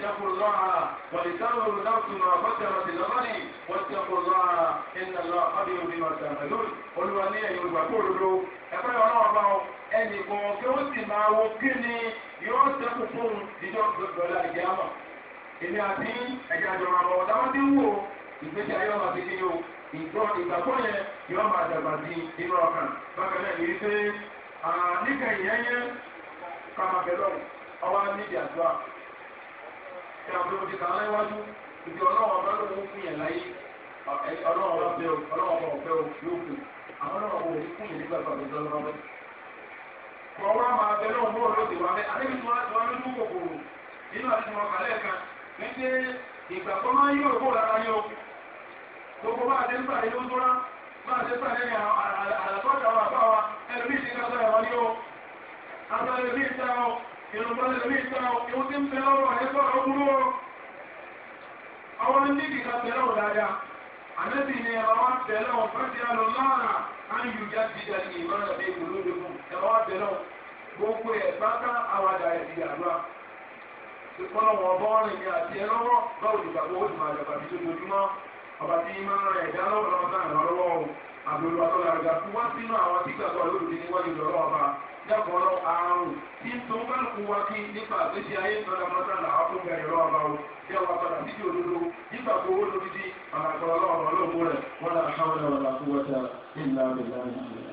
اتقوا الله ولتنظر نفس ما قدمت لغد واتقوا الله ان الله خبير بما تعملون olúwa ní ẹ̀yin olùgbàgbọ́ òdodo ẹ̀fẹ́ ọlọ́run bá ọ ẹnì kan kí ó sì máa wo kí ni yóò sẹ́kù fún ìjọ gbọdọ̀ àìjẹ́ àmọ̀ èmi àti ẹ̀jẹ̀ àjọ̀rọ̀ àmọ̀ ọ̀dà wọn ti ń wò ìgbésí ayé ọmọ àti kíni o ìgbọ́ ìgbàgbọ́ yẹn yóò máa dàgbà sí inú ọkàn bákan náà ní wípé níkẹyìn ẹyẹ kàmàkẹ́lọ́ ọwọ́ níbi àdúrà ṣé àwọn olóòdì kan láwájú ibi ọlọ́wọ́ ọba ló ń fún yẹn láyé ọlọ́wọ́ ọba bẹ́ẹ̀ o ọlọ́wọ́ ọba ọ̀fẹ́ o yóò fún àwọn ọlọ́wọ́ ọba òní fún yẹn nígbà tó àbẹ̀jọ́ lọ́wọ́ bẹ́ẹ̀. ọwọ́ àmà abẹ náà mú ọ̀rọ̀ ti wá bẹ́ẹ̀ àdébí tí wọ́n lójú kòkòrò nínú àti wọn kàlẹ́ kan wípé ìgbà tó máa ń yóò kó lára yóò gbogbo bá a ti ń pàdé ló ń tó rá bá a ti ń pàdé ní àlàkọ́jà wa bá wa ẹlòmíì ti ká sọ̀rọ̀ wọn ní o àtàlẹ́bí ìta o ìrùnbọ́lẹ̀ ní ìta ìwọ́n tí ń bẹ lọ́rọ̀ ẹgbọ́ ọgbúrò ọwọ́n ní ìdíkà tẹ́lẹ̀ ọ̀dáyà àmẹ́bì ni ẹ̀rọ tẹ́lẹ̀ ọ̀fẹ́sì alọ́ láàrá áyùjá ti dà ní ìmọ̀ràn bí ìwòlódógún ẹ̀rọ tẹ́lẹ̀ gbogbo ẹ̀ pátá àwàdà ẹ̀dì àdúrà ìpọ́lọ̀wọ̀ ọbọ̀rin ni àti ẹlọ́wọ́ báwo ìgbàgbọ́ ó lọ́wọ́ lọ́wọ́ àbẹ̀wò àtọ́lá àgbà fún wá sínú àwọn tíkàtọ̀ lórí níwájú lọ́rọ̀ ọba dákọ̀ọ́rọ̀ àrùn tí ń tó kálukú wá kí nípa àgbéṣe ayé ìtọ́jà mọ́tà làwọn bẹ̀rẹ̀ lọ́wọ́ ọba o yẹ wà padà síbi òdodo nígbà tó owó lórí di àlàkọ̀ọ́rọ̀ ọba olóògbé rẹ̀ wọ́n làkàwọn ẹ̀wọ̀n àkúwọ́ta ìlànà ìlànà ìlànà.